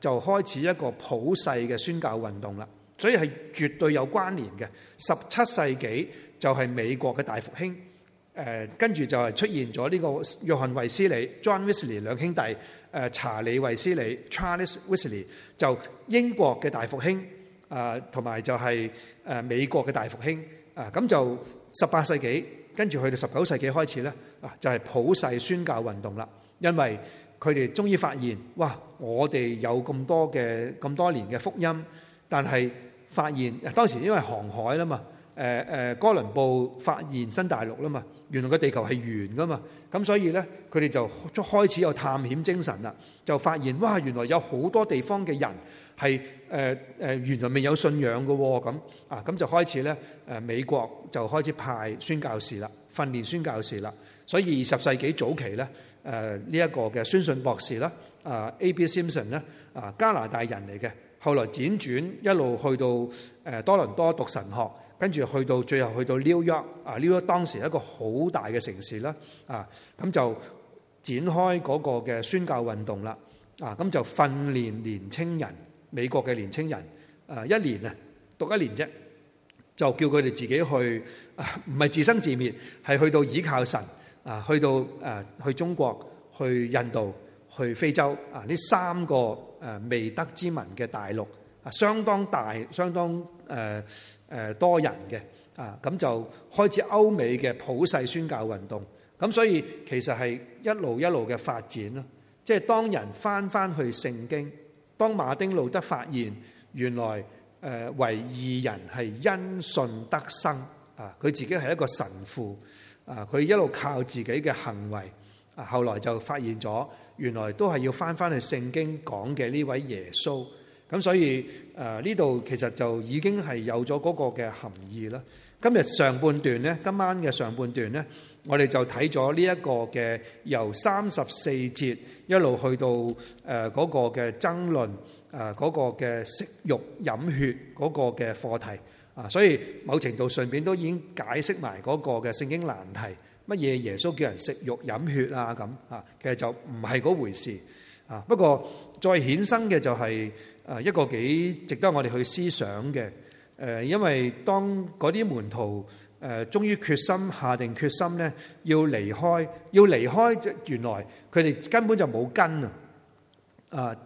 就開始一個普世嘅宣教運動啦，所以係絕對有關聯嘅。十七世紀就係美國嘅大復興，誒跟住就係出現咗呢個約翰衛斯理 （John Wesley） 兩兄弟，誒查理衛斯理 （Charles Wesley） 就英國嘅大復興，啊同埋就係誒美國嘅大復興，啊咁就十八世紀跟住去到十九世紀開始咧，啊就係普世宣教運動啦，因為。佢哋終於發現，哇！我哋有咁多嘅咁多年嘅福音，但係發現，當時因為航海啦嘛，誒、呃、誒，哥倫布發現新大陸啦嘛，原來個地球係圓噶嘛，咁所以咧，佢哋就都開始有探險精神啦，就發現哇，原來有好多地方嘅人係誒誒，原來未有信仰噶喎、哦，咁啊，咁就開始咧，誒、呃、美國就開始派宣教士啦，訓練宣教士啦，所以二十世紀早期咧。誒呢一個嘅宣信博士啦，啊 A.B. Simpson 啦，啊加拿大人嚟嘅，後來輾轉一路去到誒多倫多讀神學，跟住去到最後去到 New York 紐約，啊 New York 當時一個好大嘅城市啦，啊咁就展開嗰個嘅宣教運動啦，啊咁就訓練年青人，美國嘅年青人，誒一年啊讀一年啫，就叫佢哋自己去，啊唔係自生自滅，係去到倚靠神。啊，去到誒去中國、去印度、去非洲啊，呢三個誒未得之民嘅大陸啊，相當大、相當誒誒、呃呃、多人嘅啊，咁就開始歐美嘅普世宣教運動。咁所以其實係一路一路嘅發展咯、啊。即係當人返返去聖經，當馬丁路德發現原來誒義人係因信得生啊，佢、啊、自己係一個神父。啊！佢一路靠自己嘅行為，啊，後來就發現咗，原來都係要返返去聖經講嘅呢位耶穌。咁所以，啊，呢度其實就已經係有咗嗰個嘅含義啦。今日上半段呢，今晚嘅上半段呢，我哋就睇咗呢一個嘅由三十四節一路去到誒嗰、啊嗰個嘅爭論，誒、啊、嗰、嗰個嘅食肉飲血嗰個嘅課題。啊，所以某程度上面都已經解釋埋嗰個嘅聖經難題，乜嘢耶穌叫人食肉飲血啊咁啊，其實就唔係嗰回事啊。不過再衍生嘅就係一個幾值得我哋去思想嘅，因為當嗰啲門徒終於決心，下定決心咧，要離開，要離開，原來佢哋根本就冇根啊！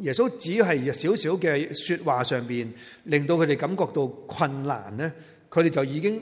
耶穌只係少少嘅說話上邊，令到佢哋感覺到困難咧，佢哋就已經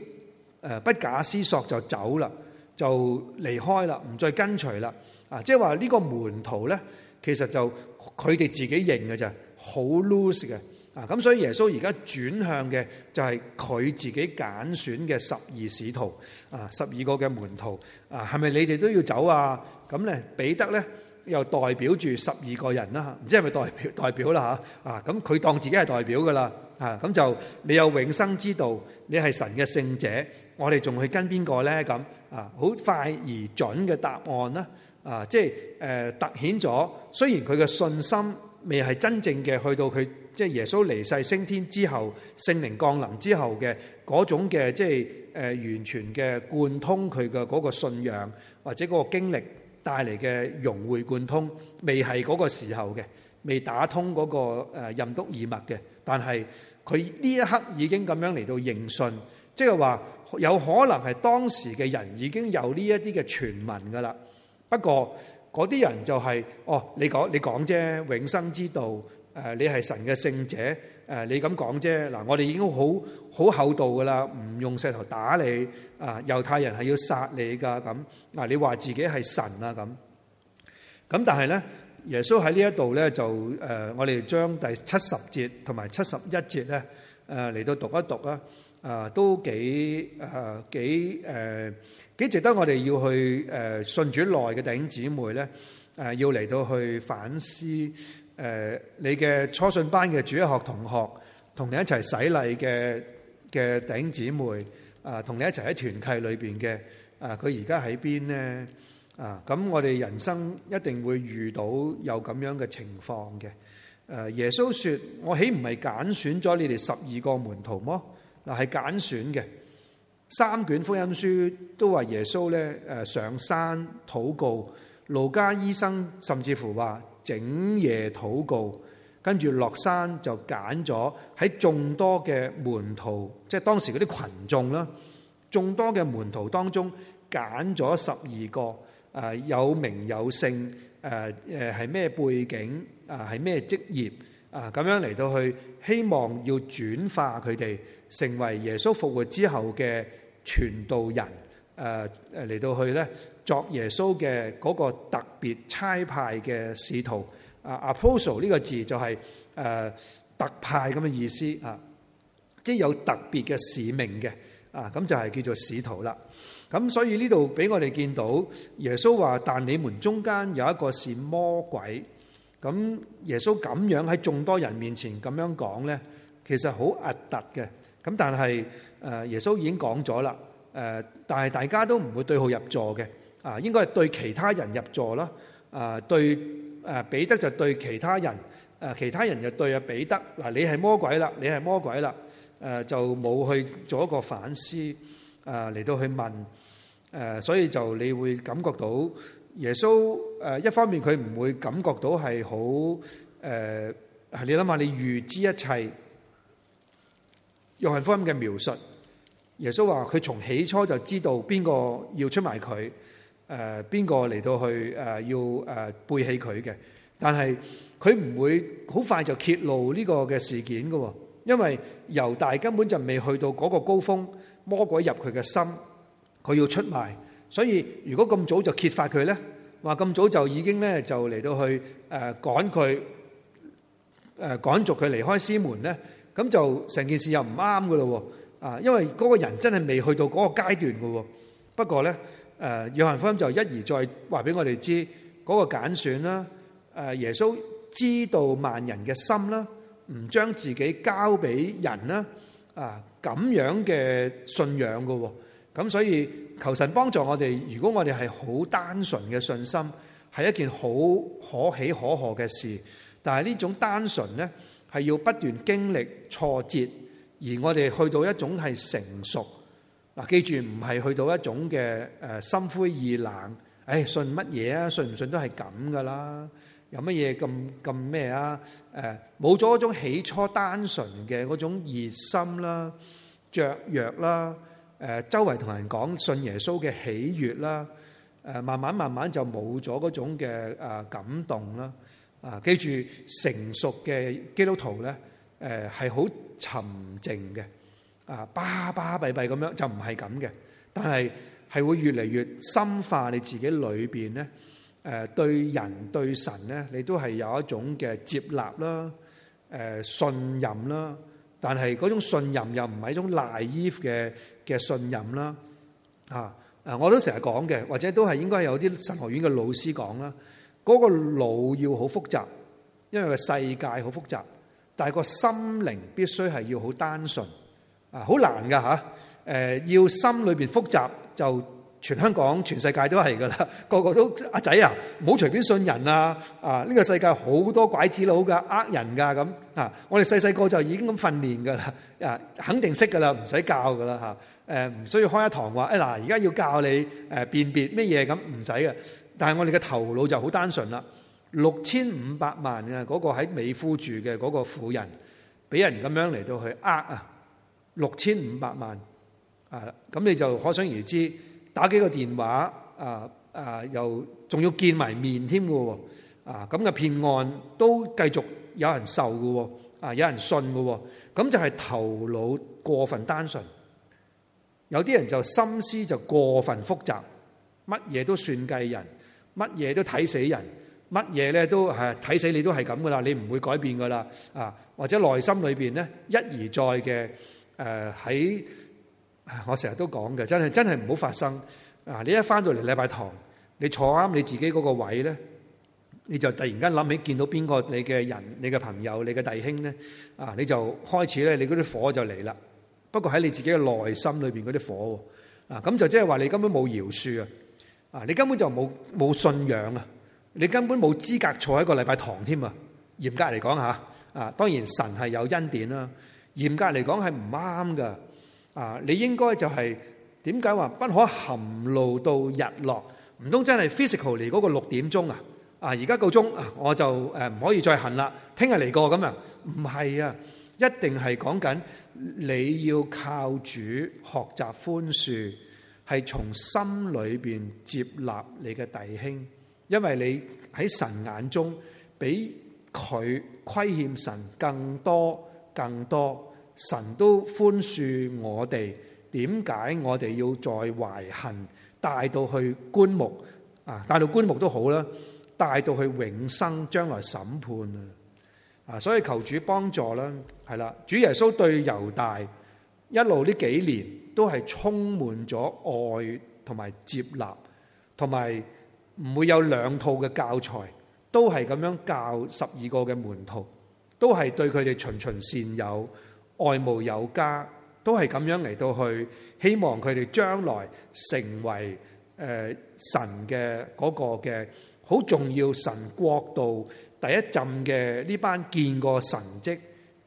誒不假思索就走啦，就離開啦，唔再跟隨啦。啊，即係話呢個門徒咧，其實就佢哋自己認嘅咋，好 lose 嘅。啊，咁所以耶穌而家轉向嘅就係佢自己揀選嘅十二使徒，啊，十二個嘅門徒。啊，係咪你哋都要走啊？咁、啊、咧，彼得咧？又代表住十二個人啦，唔知係係咪代表代表啦吓？啊，咁佢當自己係代表噶啦，啊，咁就你有永生之道，你係神嘅聖者，我哋仲去跟邊個咧？咁啊，好快而準嘅答案啦，啊，即係誒突顯咗，雖然佢嘅信心未係真正嘅去到佢，即係耶穌離世升天之後，聖靈降臨之後嘅嗰種嘅即係誒完全嘅貫通佢嘅嗰個信仰或者嗰個經歷。帶嚟嘅融會貫通，未係嗰個時候嘅，未打通嗰個任督二脈嘅。但係佢呢一刻已經咁樣嚟到認信，即係話有可能係當時嘅人已經有呢一啲嘅傳聞㗎啦。不過嗰啲人就係、是、哦，你講你講啫，永生之道，呃、你係神嘅聖者。誒你咁講啫，嗱我哋已經好好厚道噶啦，唔用石頭打你啊！猶太人係要殺你噶咁，嗱你話自己係神啊咁。咁但係咧，耶穌喺呢一度咧就誒，我哋將第七十節同埋七十一節咧誒嚟到讀一讀啊！啊都幾誒幾誒幾值得我哋要去誒信主內嘅弟兄姊妹咧誒，要嚟到去反思。誒，你嘅初信班嘅主一學同學，同你一齊洗禮嘅嘅頂姊妹，啊，同你一齊喺團契裏邊嘅，啊，佢而家喺邊呢？啊，咁我哋人生一定會遇到有咁樣嘅情況嘅。誒，耶穌説：我豈唔係揀選咗你哋十二個門徒麼？嗱，係揀選嘅。三卷福音書都話耶穌咧，誒，上山禱告，路加醫生甚至乎話，整夜禱告，跟住落山就揀咗喺眾多嘅門徒，即係當時嗰啲群眾啦，眾多嘅門徒當中揀咗十二個，誒有名有姓，誒誒係咩背景，誒係咩職業，啊咁樣嚟到去，希望要轉化佢哋成為耶穌復活之後嘅傳道人，誒誒嚟到去咧。作耶穌嘅嗰個特別差派嘅使徒，啊 apostle 呢個字就係誒特派咁嘅意思啊，即係有特別嘅使命嘅，啊，咁就係叫做使徒啦。咁所以呢度俾我哋見到耶穌話：但你們中間有一個是魔鬼。咁耶穌咁樣喺眾多人面前咁樣講呢，其實好核突嘅。咁但係誒耶穌已經講咗啦，誒，但係大家都唔會對號入座嘅。啊，應該係對其他人入座啦。啊，對，誒彼得就對其他人，誒其他人就對啊彼得。嗱，你係魔鬼啦，你係魔鬼啦。誒，就冇去做一個反思，誒嚟到去問，誒，所以就你會感覺到耶穌誒一方面佢唔會感覺到係好誒，你諗下你預知一切，約翰福音嘅描述，耶穌話佢從起初就知道邊個要出賣佢。誒、呃，邊個嚟到去誒，要、呃、誒、呃、背棄佢嘅？但係佢唔會好快就揭露呢個嘅事件噶，因為猶大根本就未去到嗰個高峰，魔鬼入佢嘅心，佢要出賣，所以如果咁早就揭發佢咧，話咁早就已經咧就嚟到去誒趕佢誒趕逐佢離開師門咧，咁就成件事又唔啱噶咯，啊、呃，因為嗰個人真係未去到嗰個階段噶，不過咧。誒約翰福音就一而再話俾我哋知嗰個揀選啦，誒耶穌知道萬人嘅心啦，唔將自己交俾人啦，啊咁樣嘅信仰嘅，咁所以求神幫助我哋。如果我哋係好單純嘅信心，係一件好可喜可賀嘅事。但係呢種單純咧，係要不斷經歷挫折，而我哋去到一種係成熟。嗱，記住唔係去到一種嘅誒心灰意冷，誒信乜嘢啊？信唔信都係咁噶啦，有乜嘢咁咁咩啊？誒，冇咗嗰種起初單純嘅嗰種熱心啦、雀躍啦、誒，周圍同人講信耶穌嘅喜悅啦，誒，慢慢慢慢就冇咗嗰種嘅誒感動啦。啊，記住成熟嘅基督徒咧，誒係好沉靜嘅。啊，巴巴閉閉咁樣就唔係咁嘅，但係係會越嚟越深化你自己裏邊咧。誒，對人對神咧，你都係有一種嘅接納啦，誒信任啦。但係嗰種信任又唔係一種 naive 嘅嘅信任啦。啊，誒我都成日講嘅，或者都係應該有啲神學院嘅老師講啦。嗰個腦要好複雜，因為個世界好複雜，但係個心靈必須係要好單純。啊，好難噶嚇！誒，要心裏邊複雜，就全香港、全世界都係噶啦，個個都阿仔啊，唔好隨便信人啊！啊，呢個世界好多拐子佬噶，呃人噶咁啊！我哋細細個就已經咁訓練噶啦，啊，肯定識噶啦，唔使教噶啦嚇！誒，唔需要開一堂話誒嗱，而家要教你誒辨別乜嘢咁唔使嘅，但係我哋嘅頭腦就好單純啦。六千五百萬嘅嗰個喺美孚住嘅嗰個婦人，俾人咁樣嚟到去呃啊！六千五百萬啊！咁你就可想而知，打幾個電話啊啊，又仲要見埋面添嘅喎啊！咁嘅騙案都繼續有人受嘅喎啊，有人信嘅喎，咁就係頭腦過分單純，有啲人就心思就過分複雜，乜嘢都算計人，乜嘢都睇死人，乜嘢咧都係睇死你都係咁噶啦，你唔會改變噶啦啊！或者內心裏面咧一而再嘅。誒、uh, 喺我成日都講嘅，真係真係唔好發生。嗱，你一翻到嚟禮拜堂，你坐啱你自己嗰個位咧，你就突然間諗起見到邊個你嘅人、你嘅朋友、你嘅弟兄咧，啊你就開始咧，你嗰啲火就嚟啦。不過喺你自己嘅內心裏邊嗰啲火喎，啊咁就即係話你根本冇饒恕啊，啊你根本就冇冇信仰啊，你根本冇資格坐喺個禮拜堂添啊。嚴格嚟講嚇，啊當然神係有恩典啦。嚴格嚟講係唔啱嘅，啊！你應該就係點解話不可含怒到日落？唔通真係 physical 嚟嗰個六點鐘啊？啊！而家夠鐘，我就誒唔可以再行啦。聽日嚟過咁啊？唔係啊，一定係講緊你要靠主學習寬恕，係從心裏面接納你嘅弟兄，因為你喺神眼中比佢虧欠神更多。更多神都寬恕我哋，點解我哋要再懷恨？帶到去棺木啊，帶到棺木都好啦，帶到去永生將來審判啊！啊，所以求主幫助啦，係啦，主耶穌對猶大一路呢幾年都係充滿咗愛同埋接納，同埋唔會有兩套嘅教材，都係咁樣教十二個嘅門徒。都係對佢哋循循善誘、愛慕有加，都係咁樣嚟到去，希望佢哋將來成為誒、呃、神嘅嗰個嘅好重要神國度第一陣嘅呢班見過神蹟、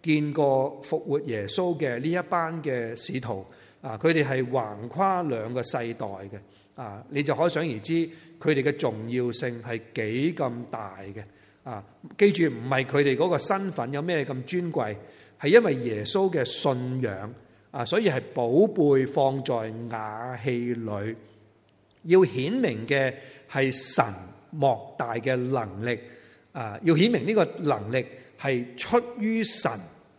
見過復活耶穌嘅呢一班嘅使徒啊，佢哋係橫跨兩個世代嘅啊，你就可想而知佢哋嘅重要性係幾咁大嘅。啊！記住，唔係佢哋嗰個身份有咩咁尊貴，係因為耶穌嘅信仰啊，所以係寶貝放在瓦器裏，要顯明嘅係神莫大嘅能力啊！要顯明呢個能力係出於神，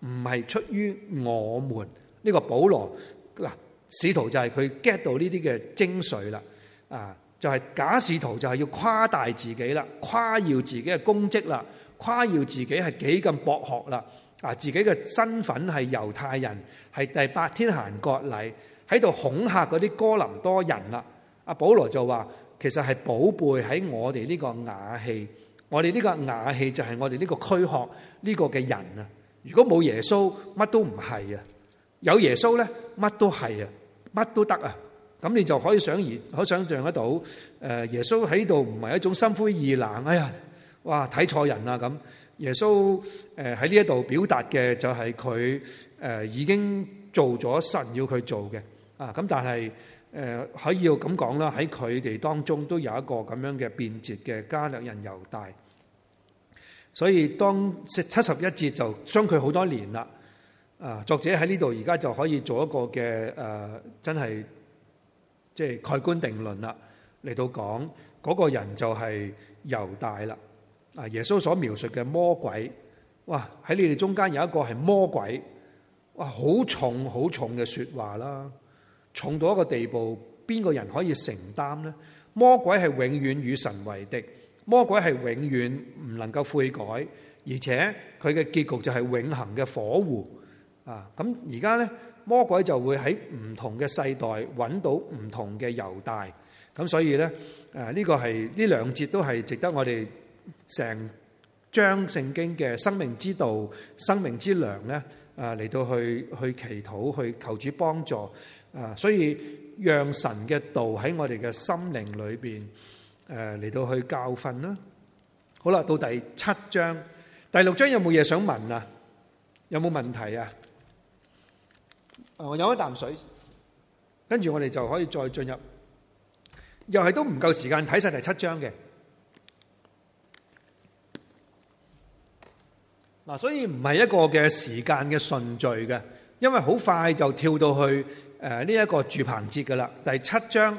唔係出於我們呢個保羅嗱，使徒就係佢 get 到呢啲嘅精髓啦啊！就係、是、假使徒，就係要誇大自己啦，誇耀自己嘅功績啦，誇耀自己係幾咁博學啦，啊，自己嘅身份係猶太人，係第八天行割禮，喺度恐嚇嗰啲哥林多人啦。阿保羅就話：其實係寶貝喺我哋呢個瓦器，我哋呢個瓦器就係我哋呢個軀殼呢個嘅人啊。如果冇耶穌，乜都唔係啊；有耶穌咧，乜都係啊，乜都得啊。咁你就可以想而可想象得到，耶穌喺度唔係一種心灰意冷，哎呀，哇，睇錯人啦咁。耶穌喺呢一度表達嘅就係佢已經做咗神要佢做嘅。啊咁但係可以要咁講啦，喺佢哋當中都有一個咁樣嘅變節嘅加略人猶大。所以當七十一節就相距好多年啦。啊，作者喺呢度而家就可以做一個嘅、呃、真係～即係蓋棺定論啦，嚟到講嗰、那個人就係猶大啦。啊，耶穌所描述嘅魔鬼，哇！喺你哋中間有一個係魔鬼，哇！好重好重嘅說話啦，重到一個地步，邊個人可以承擔呢？魔鬼係永遠與神為敵，魔鬼係永遠唔能夠悔改，而且佢嘅結局就係永恆嘅火湖。啊，咁而家咧。魔鬼就會喺唔同嘅世代揾到唔同嘅猶大，咁所以呢，誒呢個係呢兩節都係值得我哋成章聖經嘅生命之道、生命之糧呢，誒嚟到去去祈禱、去求主幫助，誒所以讓神嘅道喺我哋嘅心靈裏邊，誒嚟到去教訓啦。好啦，到第七章，第六章有冇嘢想問啊？有冇問題啊？我飲一啖水，跟住我哋就可以再進入，又係都唔夠時間睇晒第七章嘅。嗱，所以唔係一個嘅時間嘅順序嘅，因為好快就跳到去呢一、呃，呢個住棚節㗎啦。第七章誒、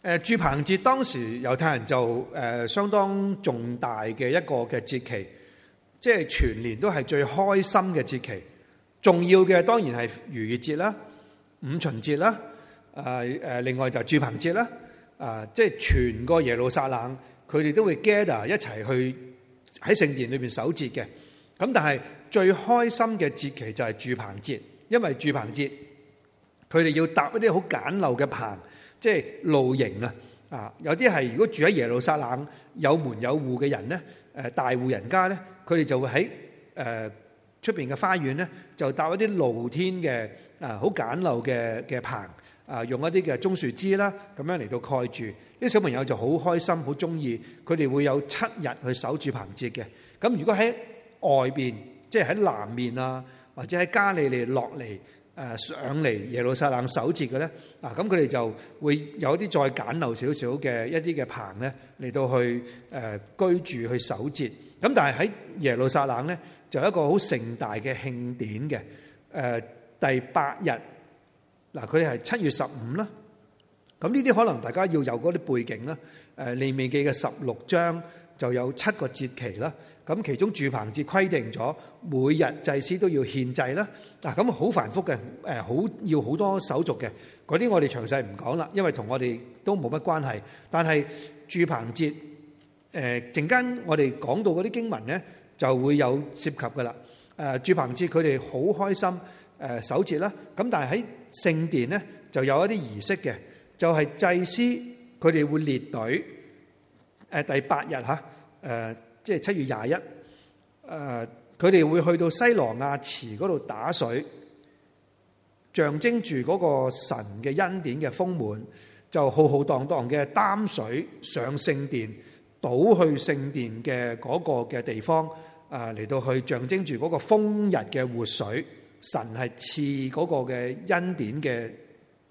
呃、住棚節當時猶太人就、呃、相當重大嘅一個嘅節期，即係全年都係最開心嘅節期。重要嘅當然係逾越節啦、五旬節啦、誒、呃、誒，另外就係住棚節啦，啊、呃，即係全個耶路撒冷，佢哋都會 gather 一齊去喺聖殿裏邊守節嘅。咁但係最開心嘅節期就係住棚節，因為住棚節佢哋要搭一啲好簡陋嘅棚，即係露營啊！啊，有啲係如果住喺耶路撒冷有門有戶嘅人咧，誒、呃、大戶人家咧，佢哋就會喺誒。呃出邊嘅花園咧，就搭一啲露天嘅啊，好簡陋嘅嘅棚啊，用一啲嘅棕樹枝啦，咁樣嚟到蓋住。啲小朋友就好開心，好中意。佢哋會有七日去守住棚節嘅。咁如果喺外邊，即係喺南面啊，或者喺加利利落嚟誒上嚟耶路撒冷守節嘅咧，啊咁佢哋就會有啲再簡陋少少嘅一啲嘅棚咧，嚟到去誒居住去守節。咁但係喺耶路撒冷咧，就一個好盛大嘅慶典嘅，誒、呃，第八日嗱，佢哋係七月十五啦。咁呢啲可能大家要有嗰啲背景啦。誒、啊，利未記嘅十六章就有七個節期啦。咁其中住棚節規定咗，每日祭司都要獻祭啦。嗱，咁好繁複嘅，誒，好要好多手續嘅。嗰啲我哋詳細唔講啦，因為同我哋都冇乜關係。但係住棚節，誒、呃，陣間我哋講到嗰啲經文咧就會有涉及嘅啦。誒，住棚節佢哋好開心誒守節啦。咁、呃、但係喺聖殿咧就有一啲儀式嘅，就係、是、祭司佢哋會列隊誒、呃、第八日嚇誒、呃，即係七月廿一誒，佢、呃、哋會去到西羅亞池嗰度打水，象徵住嗰個神嘅恩典嘅豐滿，就浩浩蕩蕩嘅擔水上聖殿。倒去聖殿嘅嗰個嘅地方，啊嚟到去象徵住嗰個風日嘅活水，神係賜嗰個嘅恩典嘅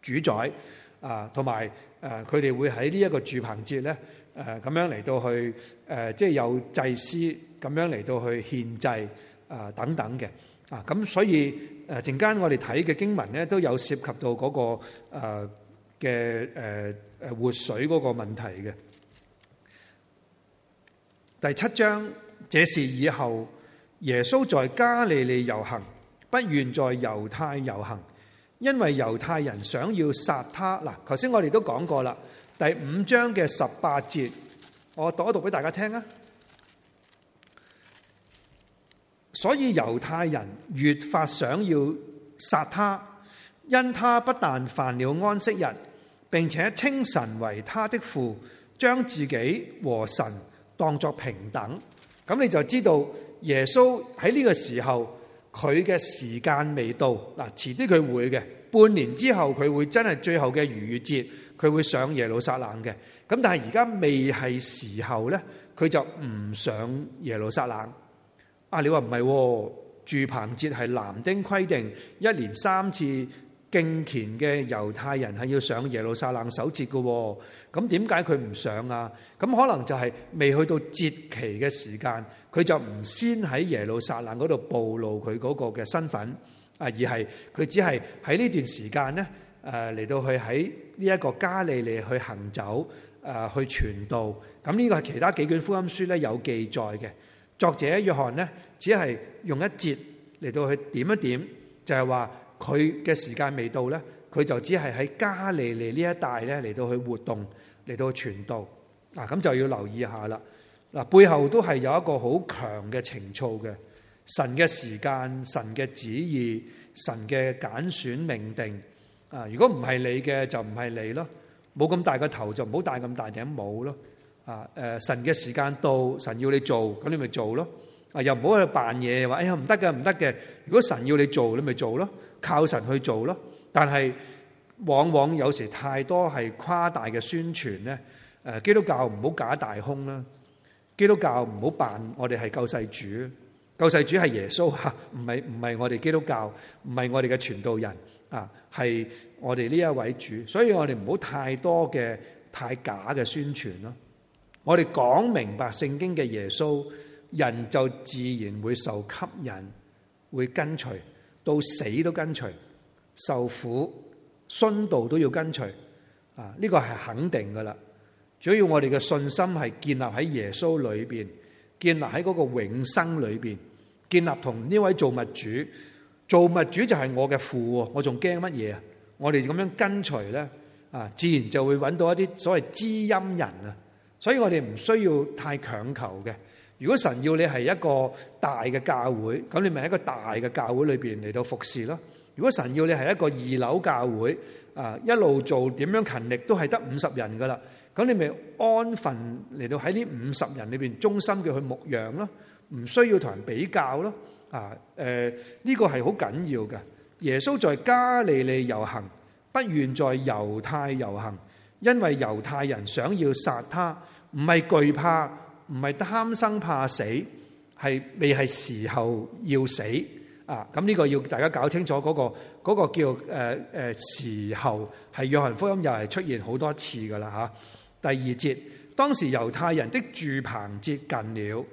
主宰啊，同埋誒，佢、啊、哋會喺呢一個住棚節咧，誒、啊、咁樣嚟到去誒，即、啊、係、就是、有祭司咁樣嚟到去獻祭啊等等嘅啊，咁所以誒陣間我哋睇嘅經文咧，都有涉及到嗰、那個誒嘅誒誒活水嗰個問題嘅。第七章，這事以後耶穌在加利利遊行，不願在猶太遊行，因為猶太人想要殺他。嗱，頭先我哋都講過啦，第五章嘅十八節，我讀一讀俾大家聽啊。所以猶太人越發想要殺他，因他不但犯了安息日，並且稱神為他的父，將自己和神當作平等，咁你就知道耶穌喺呢個時候佢嘅時間未到，嗱，遲啲佢會嘅，半年之後佢會真係最後嘅逾越節佢會上耶路撒冷嘅，咁但係而家未係時候呢，佢就唔上耶路撒冷。阿、啊、你話唔係住棚節係南丁規定一年三次敬虔嘅猶太人係要上耶路撒冷守節嘅，啊。咁點解佢唔上啊？咁可能就係未去到節期嘅時間，佢就唔先喺耶路撒冷嗰度暴露佢嗰個嘅身份啊，而係佢只係喺呢段時間咧，誒嚟到去喺呢一個加利利去行走，誒去傳道。咁、這、呢個係其他幾卷福音書咧有記載嘅。作者約翰呢，只係用一節嚟到去點一點，就係話佢嘅時間未到咧。佢就只係喺加利利呢一帶咧嚟到去活動，嚟到去傳道。嗱、啊、咁就要留意下啦。嗱、啊、背後都係有一個好強嘅情操嘅。神嘅時間、神嘅旨意、神嘅揀選命定啊！如果唔係你嘅就唔係你咯。冇咁大個頭就唔好戴咁大頂帽咯。啊誒、呃，神嘅時間到，神要你做，咁你咪做咯。啊又唔好去扮嘢話，哎呀唔得嘅唔得嘅。如果神要你做，你咪做咯，靠神去做咯。但係，往往有時太多係誇大嘅宣傳咧。誒，基督教唔好假大空啦。基督教唔好扮我哋係救世主，救世主係耶穌吓，唔係唔係我哋基督教，唔係我哋嘅傳道人啊，係我哋呢一位主。所以我哋唔好太多嘅太假嘅宣傳咯。我哋講明白聖經嘅耶穌，人就自然會受吸引，會跟隨，到死都跟隨。受苦殉道都要跟隨啊！呢個係肯定噶啦。主要我哋嘅信心係建立喺耶穌裏邊，建立喺嗰個永生裏邊，建立同呢位造物主。造物主就係我嘅父，我仲驚乜嘢啊？我哋咁樣跟隨咧，啊，自然就會搵到一啲所謂知音人啊！所以我哋唔需要太強求嘅。如果神要你係一個大嘅教會，咁你咪喺一個大嘅教會裏邊嚟到服侍咯。如果神要你係一個二樓教會啊，一路做點樣勤力都係得五十人噶啦，咁你咪安分嚟到喺呢五十人裏邊，忠心嘅去牧養咯，唔需要同人比較咯啊。誒呢個係好緊要嘅。耶穌在加利利遊行，不願在猶太遊行，因為猶太人想要殺他，唔係懼怕，唔係貪生怕死，係未係時候要死。咁、這、呢個要大家搞清楚嗰、那個、那個叫誒誒、呃、時候係約翰福音又係出現好多次噶啦吓。第二節，當時猶太人的住棚節近了，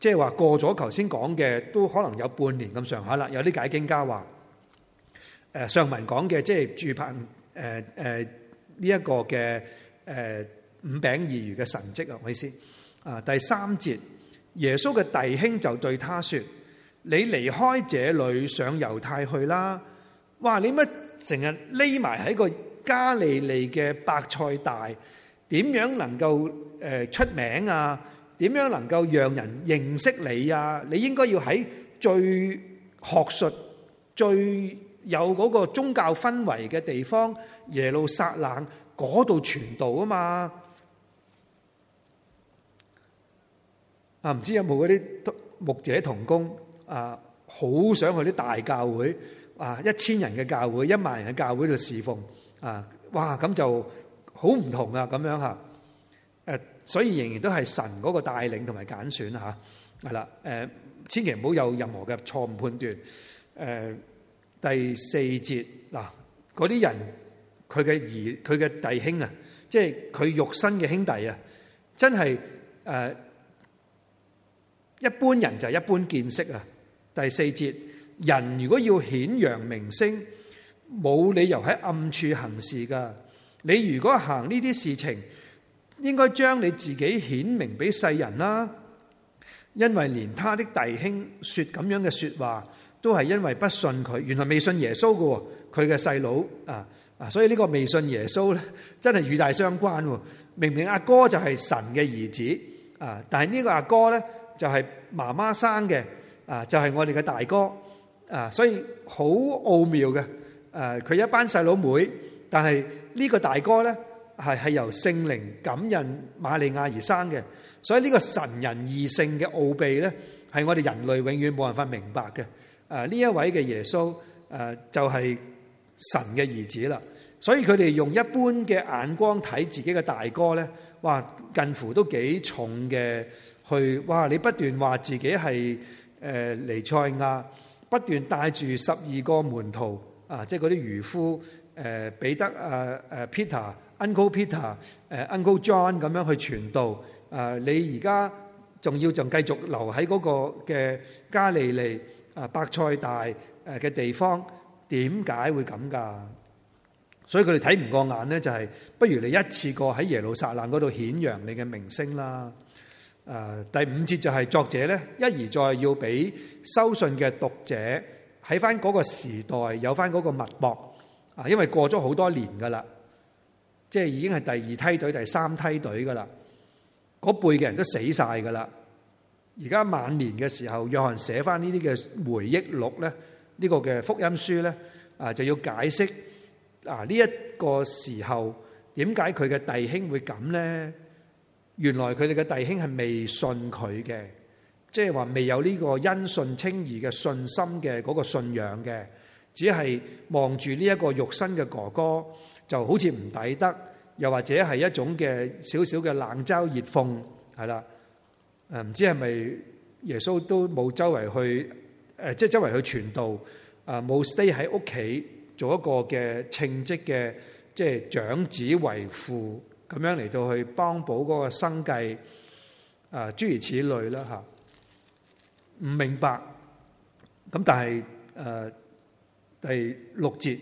即係話過咗頭先講嘅，都可能有半年咁上下啦。有啲解經家話，誒、呃、上文講嘅即係住棚，誒誒呢一個嘅誒、呃、五餅二魚嘅神蹟啊，唔好意思。啊第三節，耶穌嘅弟兄就對他說。你離開這裏上猶太去啦！哇，你乜成日匿埋喺個加利利嘅白菜大？點樣能夠誒出名啊？點樣能夠讓人認識你啊？你應該要喺最學術、最有嗰個宗教氛圍嘅地方耶路撒冷嗰度傳道啊嘛！啊，唔知有冇嗰啲牧者同工？啊，好想去啲大教會啊，一千人嘅教會、一萬人嘅教會度侍奉啊！哇，咁就好唔同啊！咁樣吓，誒、啊，所以仍然都係神嗰個帶領同埋揀選吓，係、啊、啦，誒、啊，千祈唔好有任何嘅錯誤判斷。誒、啊，第四節嗱，嗰、啊、啲人佢嘅兒、佢嘅弟兄啊，即係佢肉身嘅兄弟啊，真係誒、啊，一般人就係一般見識啊！第四節，人如果要顯揚名聲，冇理由喺暗處行事㗎。你如果行呢啲事情，應該將你自己顯明俾世人啦。因為連他的弟兄說咁樣嘅說話，都係因為不信佢。原來未信耶穌嘅喎，佢嘅細佬啊啊，所以呢個未信耶穌咧，真係與大相關。明明阿哥就係神嘅兒子啊，但係呢個阿哥咧就係媽媽生嘅。啊，就係、是、我哋嘅大哥啊，所以好奧妙嘅。誒，佢一班細佬妹，但係呢個大哥呢，係係由聖靈感應瑪利亞而生嘅。所以呢個神人二性嘅奧秘呢，係我哋人類永遠冇辦法明白嘅。誒，呢一位嘅耶穌誒，就係神嘅兒子啦。所以佢哋用一般嘅眼光睇自己嘅大哥呢，哇，近乎都幾重嘅。去哇，你不斷話自己係。誒尼塞亞不斷帶住十二個門徒啊，即係嗰啲漁夫誒，彼得啊誒、啊啊、Peter Uncle Peter 誒、啊、Uncle John 咁樣去傳道啊！你而家仲要仲繼續留喺嗰個嘅加利利啊、伯賽大誒嘅地方，點、啊、解會咁噶？所以佢哋睇唔過眼咧，就係、是、不如你一次過喺耶路撒冷嗰度顯揚你嘅名聲啦。誒第五節就係作者咧，一而再要俾收信嘅讀者喺翻嗰個時代有翻嗰個脈搏啊！因為過咗好多年噶啦，即係已經係第二梯隊、第三梯隊噶啦，嗰輩嘅人都死晒噶啦。而家晚年嘅時候，約翰寫翻呢啲嘅回憶錄咧，呢個嘅福音書咧啊，就要解釋啊呢一個時候點解佢嘅弟兄會咁咧？原來佢哋嘅弟兄係未信佢嘅，即係話未有呢個因信稱義嘅信心嘅嗰個信仰嘅，只係望住呢一個肉身嘅哥哥就好似唔抵得，又或者係一種嘅少少嘅冷嘲熱諷係啦。誒唔知係咪耶穌都冇周圍去誒，即係周圍去傳道啊，冇 stay 喺屋企做一個嘅稱職嘅即係長子為父。咁樣嚟到去幫補嗰個生計，啊，諸如此類啦吓。唔明白，咁但係誒、呃、第六節，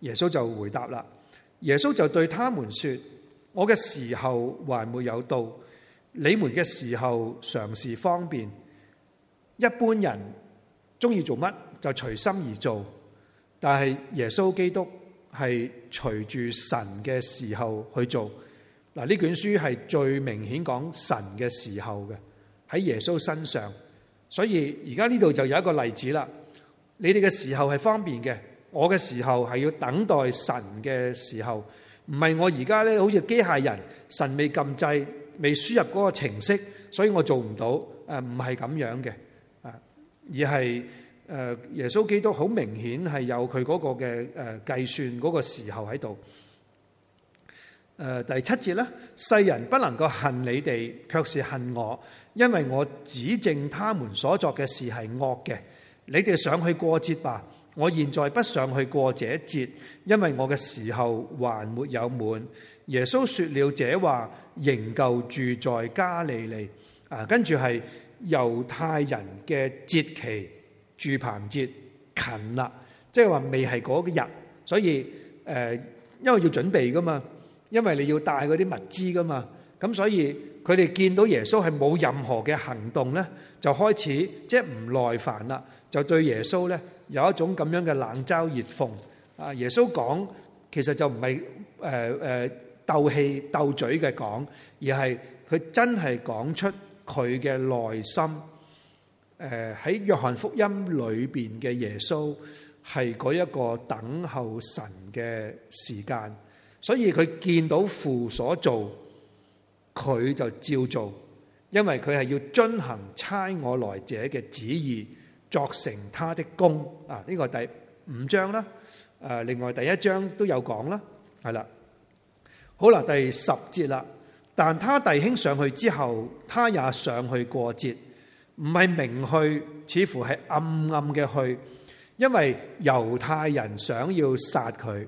耶穌就回答啦。耶穌就對他們說：我嘅時候還沒有到，你們嘅時候常是方便。一般人中意做乜就隨心而做，但係耶穌基督係隨住神嘅時候去做。嗱，呢卷書係最明顯講神嘅時候嘅，喺耶穌身上。所以而家呢度就有一個例子啦。你哋嘅時候係方便嘅，我嘅時候係要等待神嘅時候，唔係我而家咧好似機械人，神未撳掣，未輸入嗰個程式，所以我做唔到。誒，唔係咁樣嘅，啊，而係誒耶穌基督好明顯係有佢嗰個嘅誒計算嗰個時候喺度。誒、呃、第七節咧，世人不能夠恨你哋，卻是恨我，因為我指證他們所作嘅事係惡嘅。你哋想去過節吧，我現在不想去過這一節，因為我嘅時候還沒有滿。耶穌説了這話，仍舊住在加利利。啊，跟住係猶太人嘅節期，住棚節近啦，即係話未係嗰日，所以誒、呃，因為要準備㗎嘛。因為你要帶嗰啲物資噶嘛，咁所以佢哋見到耶穌係冇任何嘅行動咧，就開始即係唔耐煩啦，就對耶穌咧有一種咁樣嘅冷嘲熱諷。啊，耶穌講其實就唔係誒誒鬥氣鬥嘴嘅講，而係佢真係講出佢嘅內心。誒、呃、喺約翰福音裏邊嘅耶穌係嗰一個等候神嘅時間。所以佢見到父所做，佢就照做，因為佢係要遵行差我來者嘅旨意，作成他的工。啊，呢個第五章啦。誒，另外第一章都有講啦。係啦，好啦，第十節啦。但他弟兄上去之後，他也上去過節，唔係明去，似乎係暗暗嘅去，因為猶太人想要殺佢。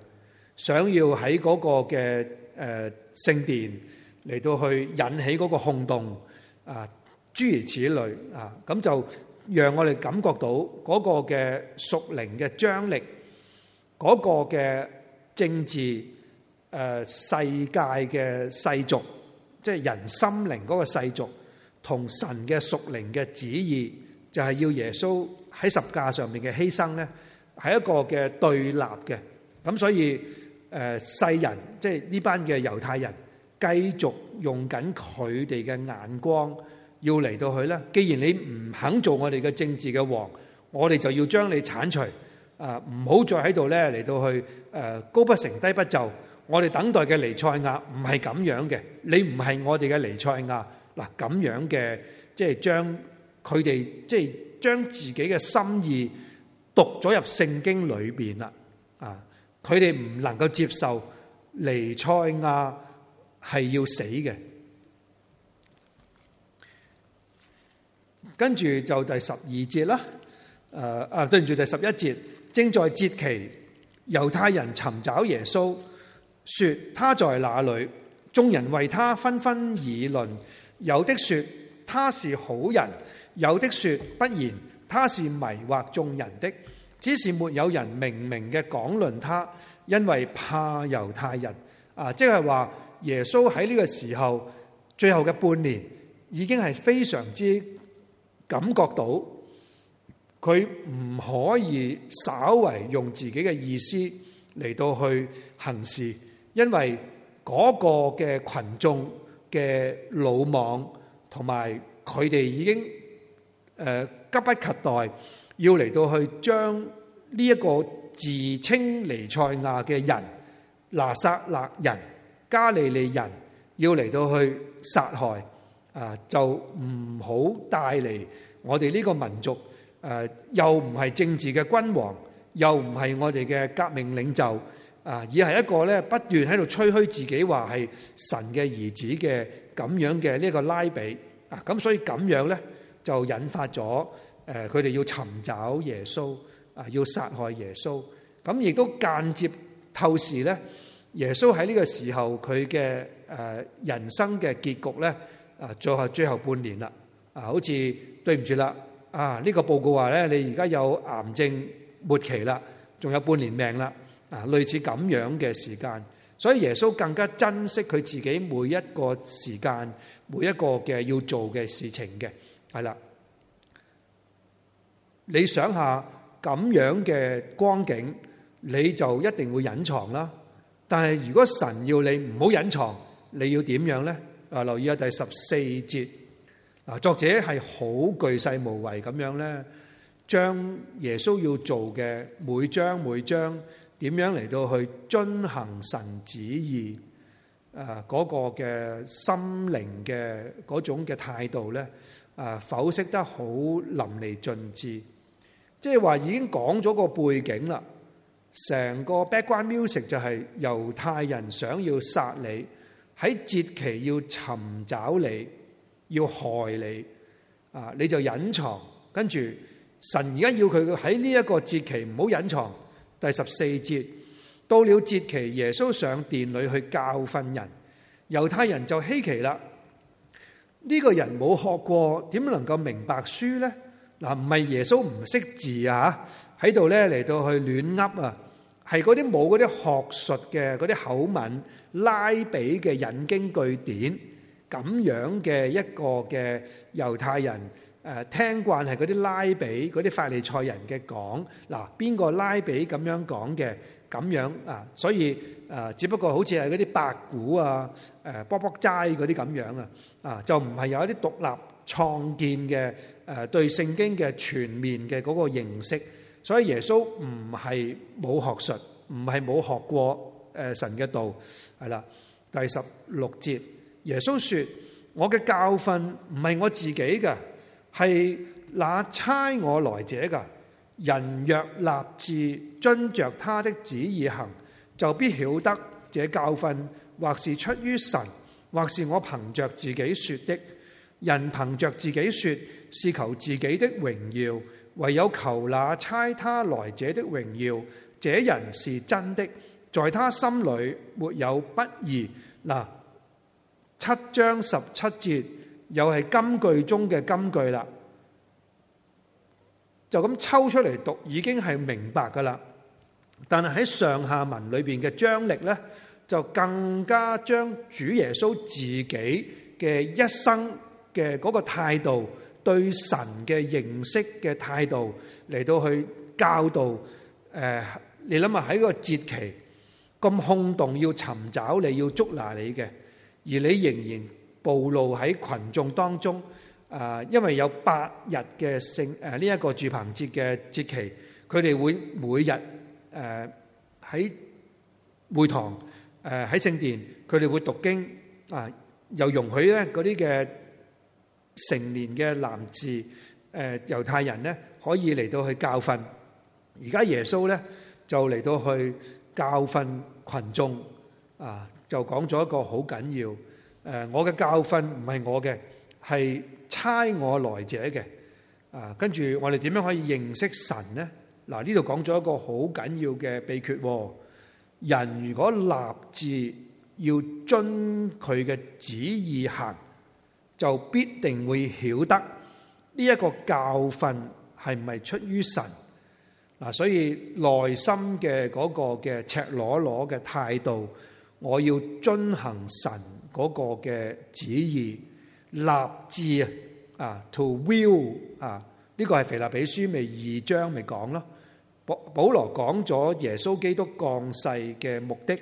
想要喺嗰個嘅誒聖殿嚟到去引起嗰個轟動啊，諸如此類啊，咁就讓我哋感覺到嗰個嘅屬靈嘅張力，嗰個嘅政治誒世界嘅世俗，即係人心靈嗰個世俗，同神嘅屬靈嘅旨意，就係要耶穌喺十架上面嘅犧牲咧，係一個嘅對立嘅，咁所以。誒世人，即係呢班嘅猶太人，繼續用緊佢哋嘅眼光，要嚟到去咧。既然你唔肯做我哋嘅政治嘅王，我哋就要將你剷除。啊、呃，唔好再喺度咧嚟到去誒、呃、高不成低不就。我哋等待嘅彌賽亞唔係咁樣嘅，你唔係我哋嘅彌賽亞嗱，咁樣嘅，即係將佢哋即係將自己嘅心意讀咗入聖經裏邊啦。佢哋唔能夠接受彌賽亞係要死嘅，跟住就第十二節啦。誒誒，對唔住第十一節，正在節期，猶太人尋找耶穌，說他在哪裡，眾人為他紛紛議論，有的說他是好人，有的說不然，他是迷惑眾人的。只是沒有人明明嘅講論他，因為怕猶太人啊！即係話耶穌喺呢個時候最後嘅半年，已經係非常之感覺到佢唔可以稍為用自己嘅意思嚟到去行事，因為嗰個嘅群眾嘅魯莽同埋佢哋已經誒急不及待。要嚟到去將呢一個自稱彌賽亞嘅人拿撒勒人加利利人，要嚟到去殺害啊，就唔好帶嚟我哋呢個民族誒，又唔係政治嘅君王，又唔係我哋嘅革命領袖啊，而係一個咧不斷喺度吹噓自己話係神嘅兒子嘅咁樣嘅呢個拉比啊，咁所以咁樣咧就引發咗。誒佢哋要尋找耶穌啊，要殺害耶穌，咁亦都間接透視咧耶穌喺呢個時候佢嘅誒人生嘅結局咧啊，最後最後半年啦啊，好似對唔住啦啊，呢個報告話咧你而家有癌症末期啦，仲有半年命啦啊，類似咁樣嘅時間，所以耶穌更加珍惜佢自己每一個時間，每一個嘅要做嘅事情嘅，係啦。你想下咁樣嘅光景，你就一定會隱藏啦。但係如果神要你唔好隱藏，你要點樣咧？啊，留意下第十四節。嗱，作者係好巨細無遺咁樣咧，將耶穌要做嘅每章每章點樣嚟到去遵行神旨意，誒、那、嗰個嘅心靈嘅嗰種嘅態度咧，誒剖析得好淋漓盡致。即係話已經講咗個背景啦，成個 background music 就係猶太人想要殺你，喺節期要尋找你，要害你，啊，你就隱藏。跟住神而家要佢喺呢一個節期唔好隱藏。第十四節，到了節期，耶穌上殿裏去教訓人，猶太人就稀奇啦。呢個人冇學過，點能夠明白書咧？嗱，唔係耶穌唔識字啊！喺度咧嚟到去亂噏啊，係嗰啲冇嗰啲學術嘅嗰啲口吻拉比嘅引經據典咁樣嘅一個嘅猶太人誒，聽慣係嗰啲拉比嗰啲法利賽人嘅講。嗱，邊個拉比咁樣講嘅咁樣啊？所以誒，只不過好似係嗰啲白骨啊、誒卜卜齋嗰啲咁樣啊，啊就唔係有一啲獨立創建嘅。誒對聖經嘅全面嘅嗰個認識，所以耶穌唔係冇學術，唔係冇學過誒神嘅道，係啦。第十六節，耶穌說：我嘅教訓唔係我自己嘅，係那差我來者嘅。人若立志遵着他的旨意行，就必曉得這教訓或是出於神，或是我憑着自己說的。人憑着自己說。是求自己的榮耀，唯有求那差他來者的榮耀。這人是真的，在他心裏沒有不義。嗱，七章十七節又係金句中嘅金句啦。就咁抽出嚟讀，已經係明白噶啦。但係喺上下文裏邊嘅張力呢，就更加將主耶穌自己嘅一生嘅嗰個態度。對神嘅認識嘅態度嚟到去教導，誒，你諗下喺一個節期咁空洞，要尋找你，要捉拿你嘅，而你仍然暴露喺群眾當中，啊，因為有八日嘅聖誒，呢一個住棚節嘅節期，佢哋會每日誒喺會堂誒喺聖殿，佢哋會讀經啊，又容許咧嗰啲嘅。成年嘅男子，誒、呃、猶太人咧，可以嚟到去教訓，而家耶穌咧，就嚟到去教訓群眾啊，就講咗一個好緊要，誒、啊、我嘅教訓唔係我嘅，係差我來者嘅，啊，跟住我哋點樣可以認識神咧？嗱、啊，呢度講咗一個好緊要嘅秘訣，啊，人如果立志要遵佢嘅旨意行。就必定會曉得呢一個教訓係咪出於神嗱，所以內心嘅嗰個嘅赤裸裸嘅態度，我要遵行神嗰個嘅旨意，立志啊，to will 啊，呢個係腓立比書咪二章咪講咯，保保羅講咗耶穌基督降世嘅目的，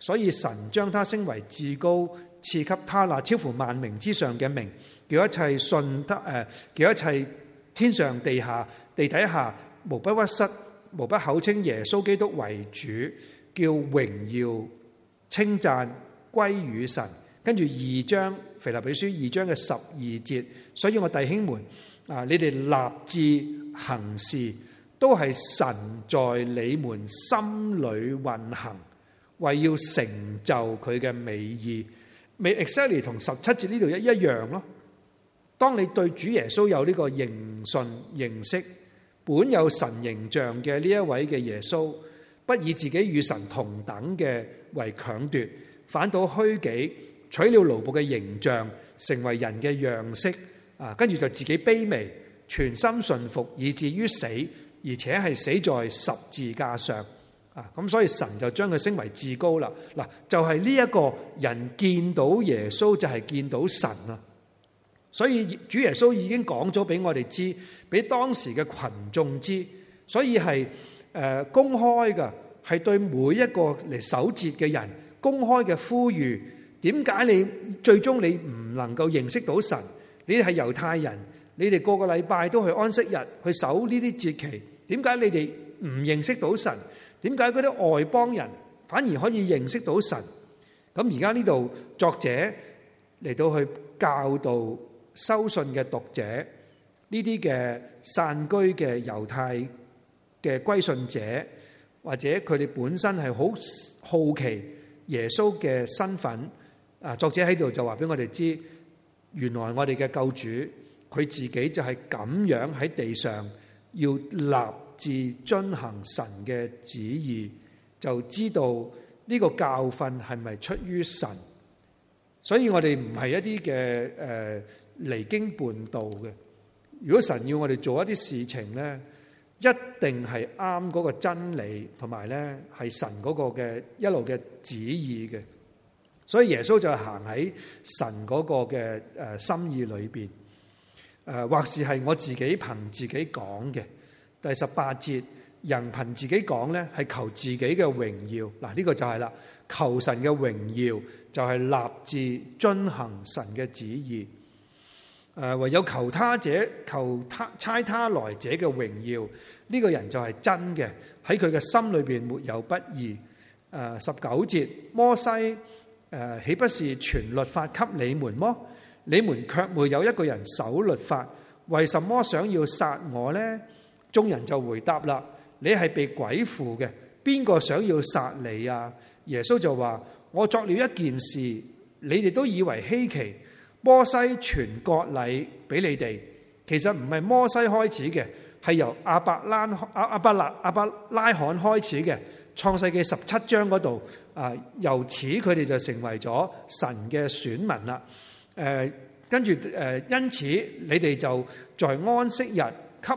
所以神將他升為至高。賜給他那超乎萬名之上嘅名，叫一切信他誒，叫一切天上、地下、地底下無不屈膝、無不口稱耶穌基督為主，叫榮耀稱讚歸與神。跟住二章腓立比書二章嘅十二節，所以我弟兄們啊，你哋立志行事都係神在你們心裏運行，為要成就佢嘅美意。未 a c c e l y 同十七節呢度一一樣咯。當你對主耶穌有呢個認信、認識，本有神形象嘅呢一位嘅耶穌，不以自己與神同等嘅為強奪，反倒虛己，取了奴僕嘅形象，成為人嘅樣式，啊，跟住就自己卑微，全心信服，以至於死，而且係死在十字架上。咁所以神就將佢升為至高啦。嗱，就係呢一個人見到耶穌就係見到神啦。所以主耶穌已經講咗俾我哋知，俾當時嘅群眾知，所以係誒公開嘅，係對每一個嚟守節嘅人公開嘅呼籲。點解你最終你唔能夠認識到神？你哋係猶太人，你哋個個禮拜都去安息日去守呢啲節期，點解你哋唔認識到神？點解嗰啲外邦人反而可以認識到神？咁而家呢度作者嚟到去教導收信嘅讀者，呢啲嘅散居嘅猶太嘅歸信者，或者佢哋本身係好好奇耶穌嘅身份。啊，作者喺度就話俾我哋知，原來我哋嘅救主佢自己就係咁樣喺地上要立。自遵行神嘅旨意，就知道呢個教訓係咪出於神？所以我哋唔係一啲嘅誒離經叛道嘅。如果神要我哋做一啲事情咧，一定係啱嗰個真理，同埋咧係神嗰個嘅一路嘅旨意嘅。所以耶穌就行喺神嗰個嘅誒、呃、心意裏邊，誒、呃、或是係我自己憑自己講嘅。第十八節，人憑自己講咧，係求自己嘅榮耀。嗱，呢個就係啦，求神嘅榮耀就係、是、立志遵行神嘅旨意。誒、啊，唯有求他者、求他差他來者嘅榮耀，呢、這個人就係真嘅。喺佢嘅心裏邊沒有不義。誒、啊，十九節，摩西誒、啊，豈不是傳律法給你們麼？你們却沒有一個人守律法，為什麼想要殺我呢？眾人就回答啦：你係被鬼附嘅，邊個想要殺你啊？耶穌就話：我作了一件事，你哋都以為稀奇。摩西傳割禮俾你哋，其實唔係摩西開始嘅，係由阿伯拉阿阿伯拉阿伯拉罕開始嘅。創世記十七章嗰度，啊，由此佢哋就成為咗神嘅選民啦。誒、呃，跟住誒、呃，因此你哋就在安息日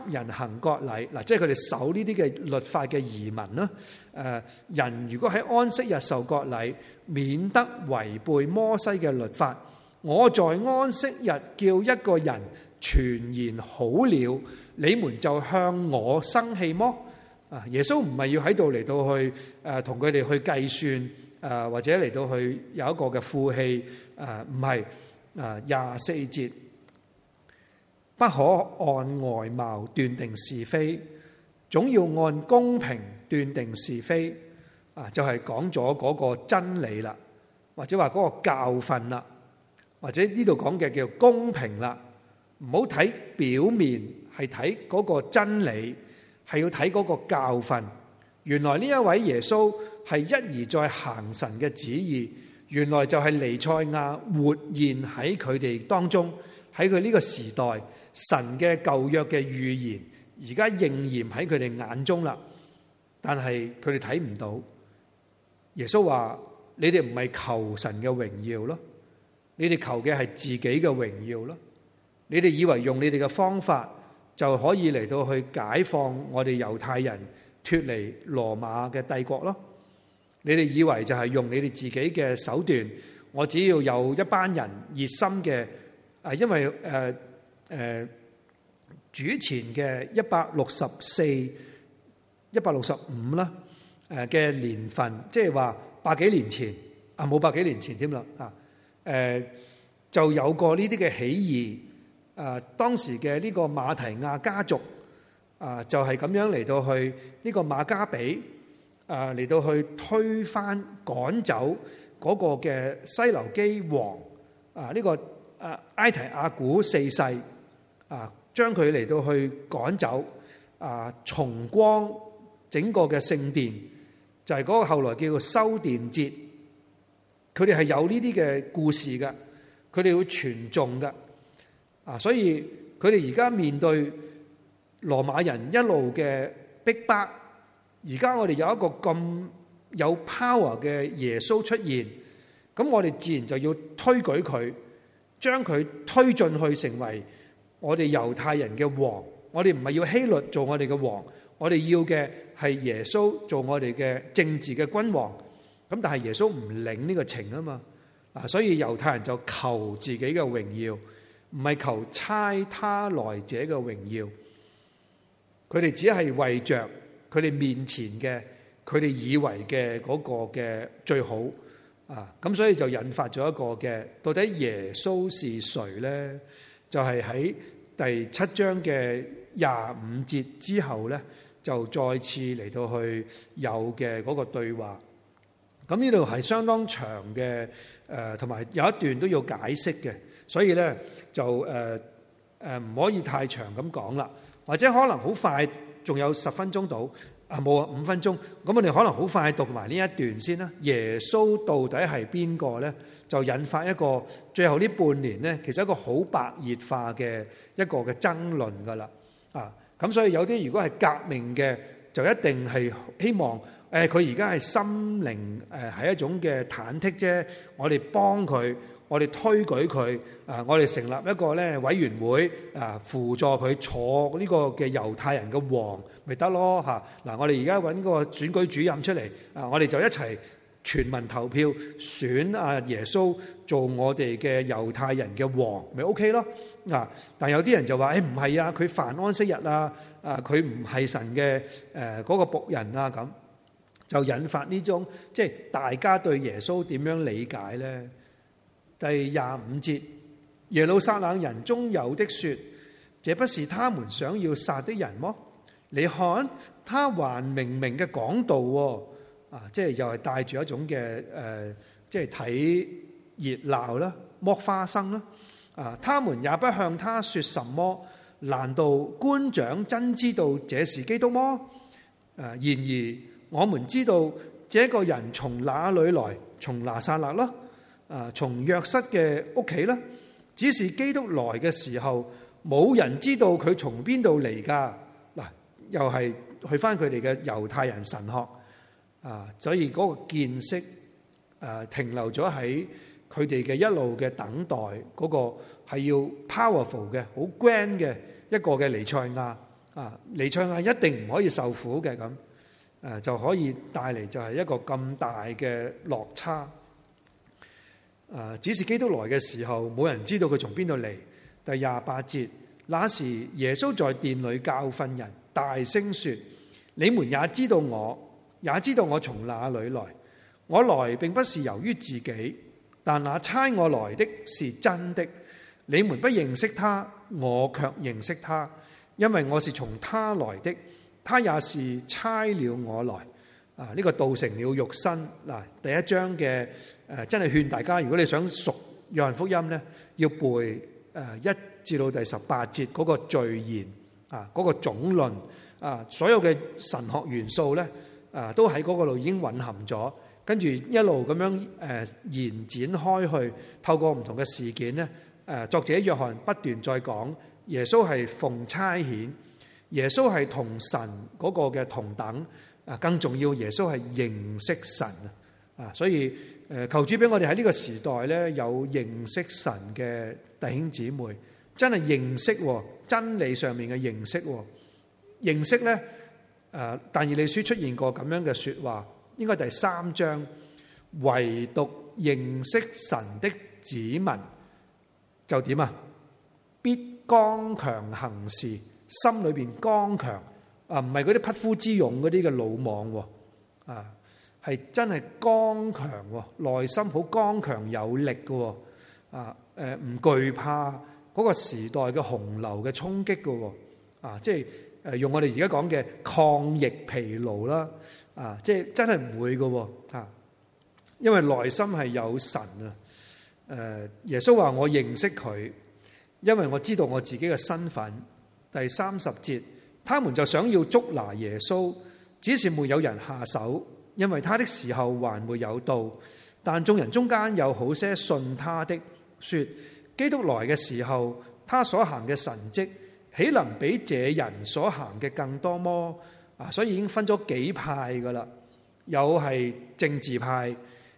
給人行割禮，嗱，即係佢哋守呢啲嘅律法嘅儀文咯。誒，人如果喺安息日受割禮，免得違背摩西嘅律法。我在安息日叫一個人全然好了，你們就向我生氣麼？啊，耶穌唔係要喺度嚟到去誒，同佢哋去計算誒、啊，或者嚟到去有一個嘅負氣誒，唔係誒廿四節。不可按外貌斷定是非，總要按公平斷定是非。啊，就係講咗嗰個真理啦，或者話嗰個教訓啦，或者呢度講嘅叫公平啦。唔好睇表面，係睇嗰個真理，係要睇嗰個教訓。原來呢一位耶穌係一而再行神嘅旨意，原來就係彌賽亞活現喺佢哋當中，喺佢呢個時代。神嘅舊約嘅預言而家仍然喺佢哋眼中啦，但係佢哋睇唔到。耶穌話，你哋唔係求神嘅榮耀咯，你哋求嘅係自己嘅榮耀咯。你哋以為用你哋嘅方法就可以嚟到去解放我哋猶太人脱離羅馬嘅帝國咯？你哋以為就係用你哋自己嘅手段，我只要有一班人熱心嘅啊，因為，誒。呃誒主前嘅一百六十四、一百六十五啦，誒嘅年份，即係話百幾年前，啊冇百幾年前添啦，啊誒就有過呢啲嘅起義。啊當時嘅呢個馬提亞家族，啊就係、是、咁樣嚟到去呢、這個馬加比，啊嚟到去推翻趕走嗰個嘅西流基王，啊呢、這個啊埃提亞古四世。啊！將佢嚟到去趕走啊！重光整個嘅聖殿就係、是、嗰個後來叫做修殿節，佢哋係有呢啲嘅故事嘅，佢哋會傳頌嘅啊！所以佢哋而家面對羅馬人一路嘅逼迫，而家我哋有一個咁有 power 嘅耶穌出現，咁我哋自然就要推舉佢，將佢推進去成為我哋猶太人嘅王，我哋唔係要希律做我哋嘅王，我哋要嘅係耶穌做我哋嘅政治嘅君王。咁但係耶穌唔領呢個情啊嘛，嗱，所以猶太人就求自己嘅榮耀，唔係求差他來者嘅榮耀。佢哋只係為着佢哋面前嘅，佢哋以為嘅嗰個嘅最好啊，咁所以就引發咗一個嘅，到底耶穌是誰咧？就係喺。第七章嘅廿五節之後呢，就再次嚟到去有嘅嗰個對話。咁呢度係相當長嘅，誒、呃，同埋有，有一段都要解釋嘅，所以呢，就誒誒唔可以太長咁講啦，或者可能好快，仲有十分鐘到啊，冇啊，五分鐘，咁我哋可能好快讀埋呢一段先啦。耶穌到底係邊個呢？就引發一個最後呢半年呢，其實一個好白熱化嘅一個嘅爭論噶啦啊！咁所以有啲如果係革命嘅，就一定係希望誒佢而家係心靈誒係、呃、一種嘅忐忑啫。我哋幫佢，我哋推舉佢啊！我哋成立一個咧委員會啊，輔助佢坐呢個嘅猶太人嘅王，咪得咯嚇嗱！我哋而家揾個選舉主任出嚟啊！我哋就一齊。全民投票選啊耶穌做我哋嘅猶太人嘅王，咪 OK 咯？嗱，但有啲人就話，誒唔係啊，佢犯安息日啊，啊佢唔係神嘅誒嗰個僕人啊，咁就引發呢種即係大家對耶穌點樣理解咧？第廿五節，耶路撒冷人中有的説：這不是他們想要殺的人麼？你看，他還明明嘅講道喎、啊。啊、呃！即係又係帶住一種嘅誒，即係睇熱鬧啦，剝花生啦。啊！他們也不向他説什麼。難道官長真知道這是基督麼？誒、啊，然而我們知道這個人從哪裡來？從拿撒勒咯。啊，從約瑟嘅屋企啦。只是基督來嘅時候，冇人知道佢從邊度嚟㗎。嗱、啊，又係去翻佢哋嘅猶太人神學。啊！所以嗰個見識，誒停留咗喺佢哋嘅一路嘅等待嗰個係要 powerful 嘅、好 grand 嘅一個嘅尼賽亞啊！尼賽亞一定唔可以受苦嘅咁誒，就可以帶嚟就係一個咁大嘅落差。誒，只是基督來嘅時候，冇人知道佢從邊度嚟。第廿八節，那時耶穌在殿裏教訓人，大聲説：你們也知道我。也知道我從哪裏來，我來並不是由於自己，但那差我來的是真的。你們不認識他，我卻認識他，因為我是從他來的，他也是差了我來。啊，呢、這個道成了肉身。嗱，第一章嘅誒、呃，真係勸大家，如果你想熟約翰福音呢，要背誒、呃、一至到第十八節嗰個序言啊，嗰、那個總論啊，所有嘅神學元素呢。啊，都喺嗰個度已經混合咗，跟住一路咁樣誒延展開去，透過唔同嘅事件咧，誒作者約翰不斷再講耶穌係奉差遣，耶穌係同神嗰個嘅同等啊，更重要，耶穌係認識神啊，啊，所以誒求主俾我哋喺呢個時代咧有認識神嘅弟兄姊妹，真係認識喎，真理上面嘅認識喎，認識咧。誒《但以理書》出現過咁樣嘅說話，應該第三章，唯獨認識神的子民就點啊？必剛強行事，心裏面剛強啊！唔係嗰啲匹夫之勇嗰啲嘅魯莽喎，啊係真係剛強喎，內心好剛強有力嘅喎，啊唔懼怕嗰個時代嘅洪流嘅衝擊嘅喎，啊即係用我哋而家講嘅抗疫疲勞啦，啊，即係真係唔會㗎喎，啊，因為內心係有神啊。耶穌話：我認識佢，因為我知道我自己嘅身份。第三十節，他們就想要捉拿耶穌，只是沒有人下手，因為他的時候還沒有到。但眾人中間有好些信他的，說：基督來嘅時候，他所行嘅神跡。豈能比這人所行嘅更多麼？啊，所以已經分咗幾派㗎喇，有係政治派，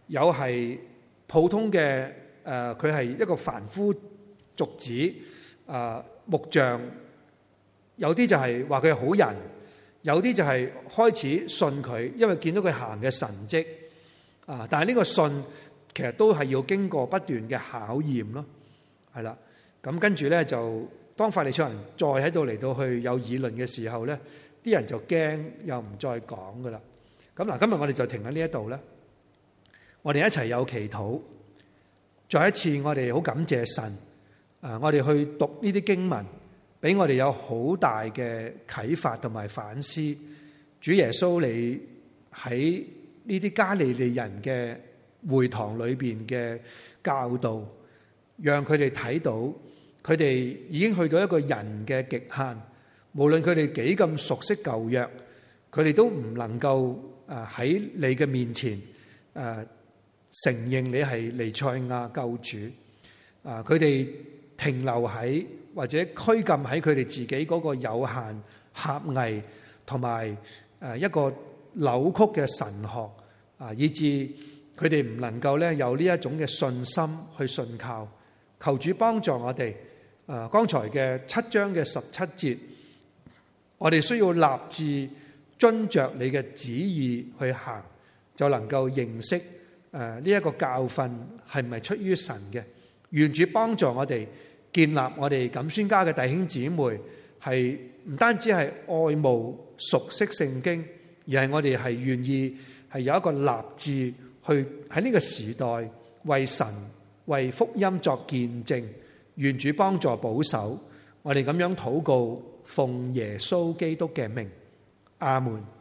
有係普通嘅，誒、呃，佢係一個凡夫俗子，啊、呃，木匠。有啲就係話佢係好人，有啲就係開始信佢，因為見到佢行嘅神跡，啊、呃，但係呢個信其實都係要經過不斷嘅考驗囉，係啦，咁跟住咧就。當法利賽人再喺度嚟到去有議論嘅時候咧，啲人就驚又唔再講噶啦。咁嗱，今日我哋就停喺呢一度啦。我哋一齊有祈禱，再一次我哋好感謝神。誒，我哋去讀呢啲經文，俾我哋有好大嘅啟發同埋反思。主耶穌你喺呢啲加利利人嘅會堂裏邊嘅教導，讓佢哋睇到。佢哋已經去到一個人嘅極限，無論佢哋幾咁熟悉舊約，佢哋都唔能夠誒喺你嘅面前誒承認你係尼賽亞救主。啊！佢哋停留喺或者拘禁喺佢哋自己嗰個有限狹隘同埋誒一個扭曲嘅神學啊，以致佢哋唔能夠咧有呢一種嘅信心去信靠，求主幫助我哋。剛剛才嘅七章嘅十七節，我哋需要立志遵著你嘅旨意去行，就能夠認識誒呢一個教訓係唔係出於神嘅。願主幫助我哋建立我哋咁宣家嘅弟兄姊妹，係唔單止係愛慕熟悉聖經，而係我哋係願意係有一個立志去喺呢個時代為神為福音作見證。願主幫助保守，我哋咁樣禱告，奉耶穌基督嘅名，阿門。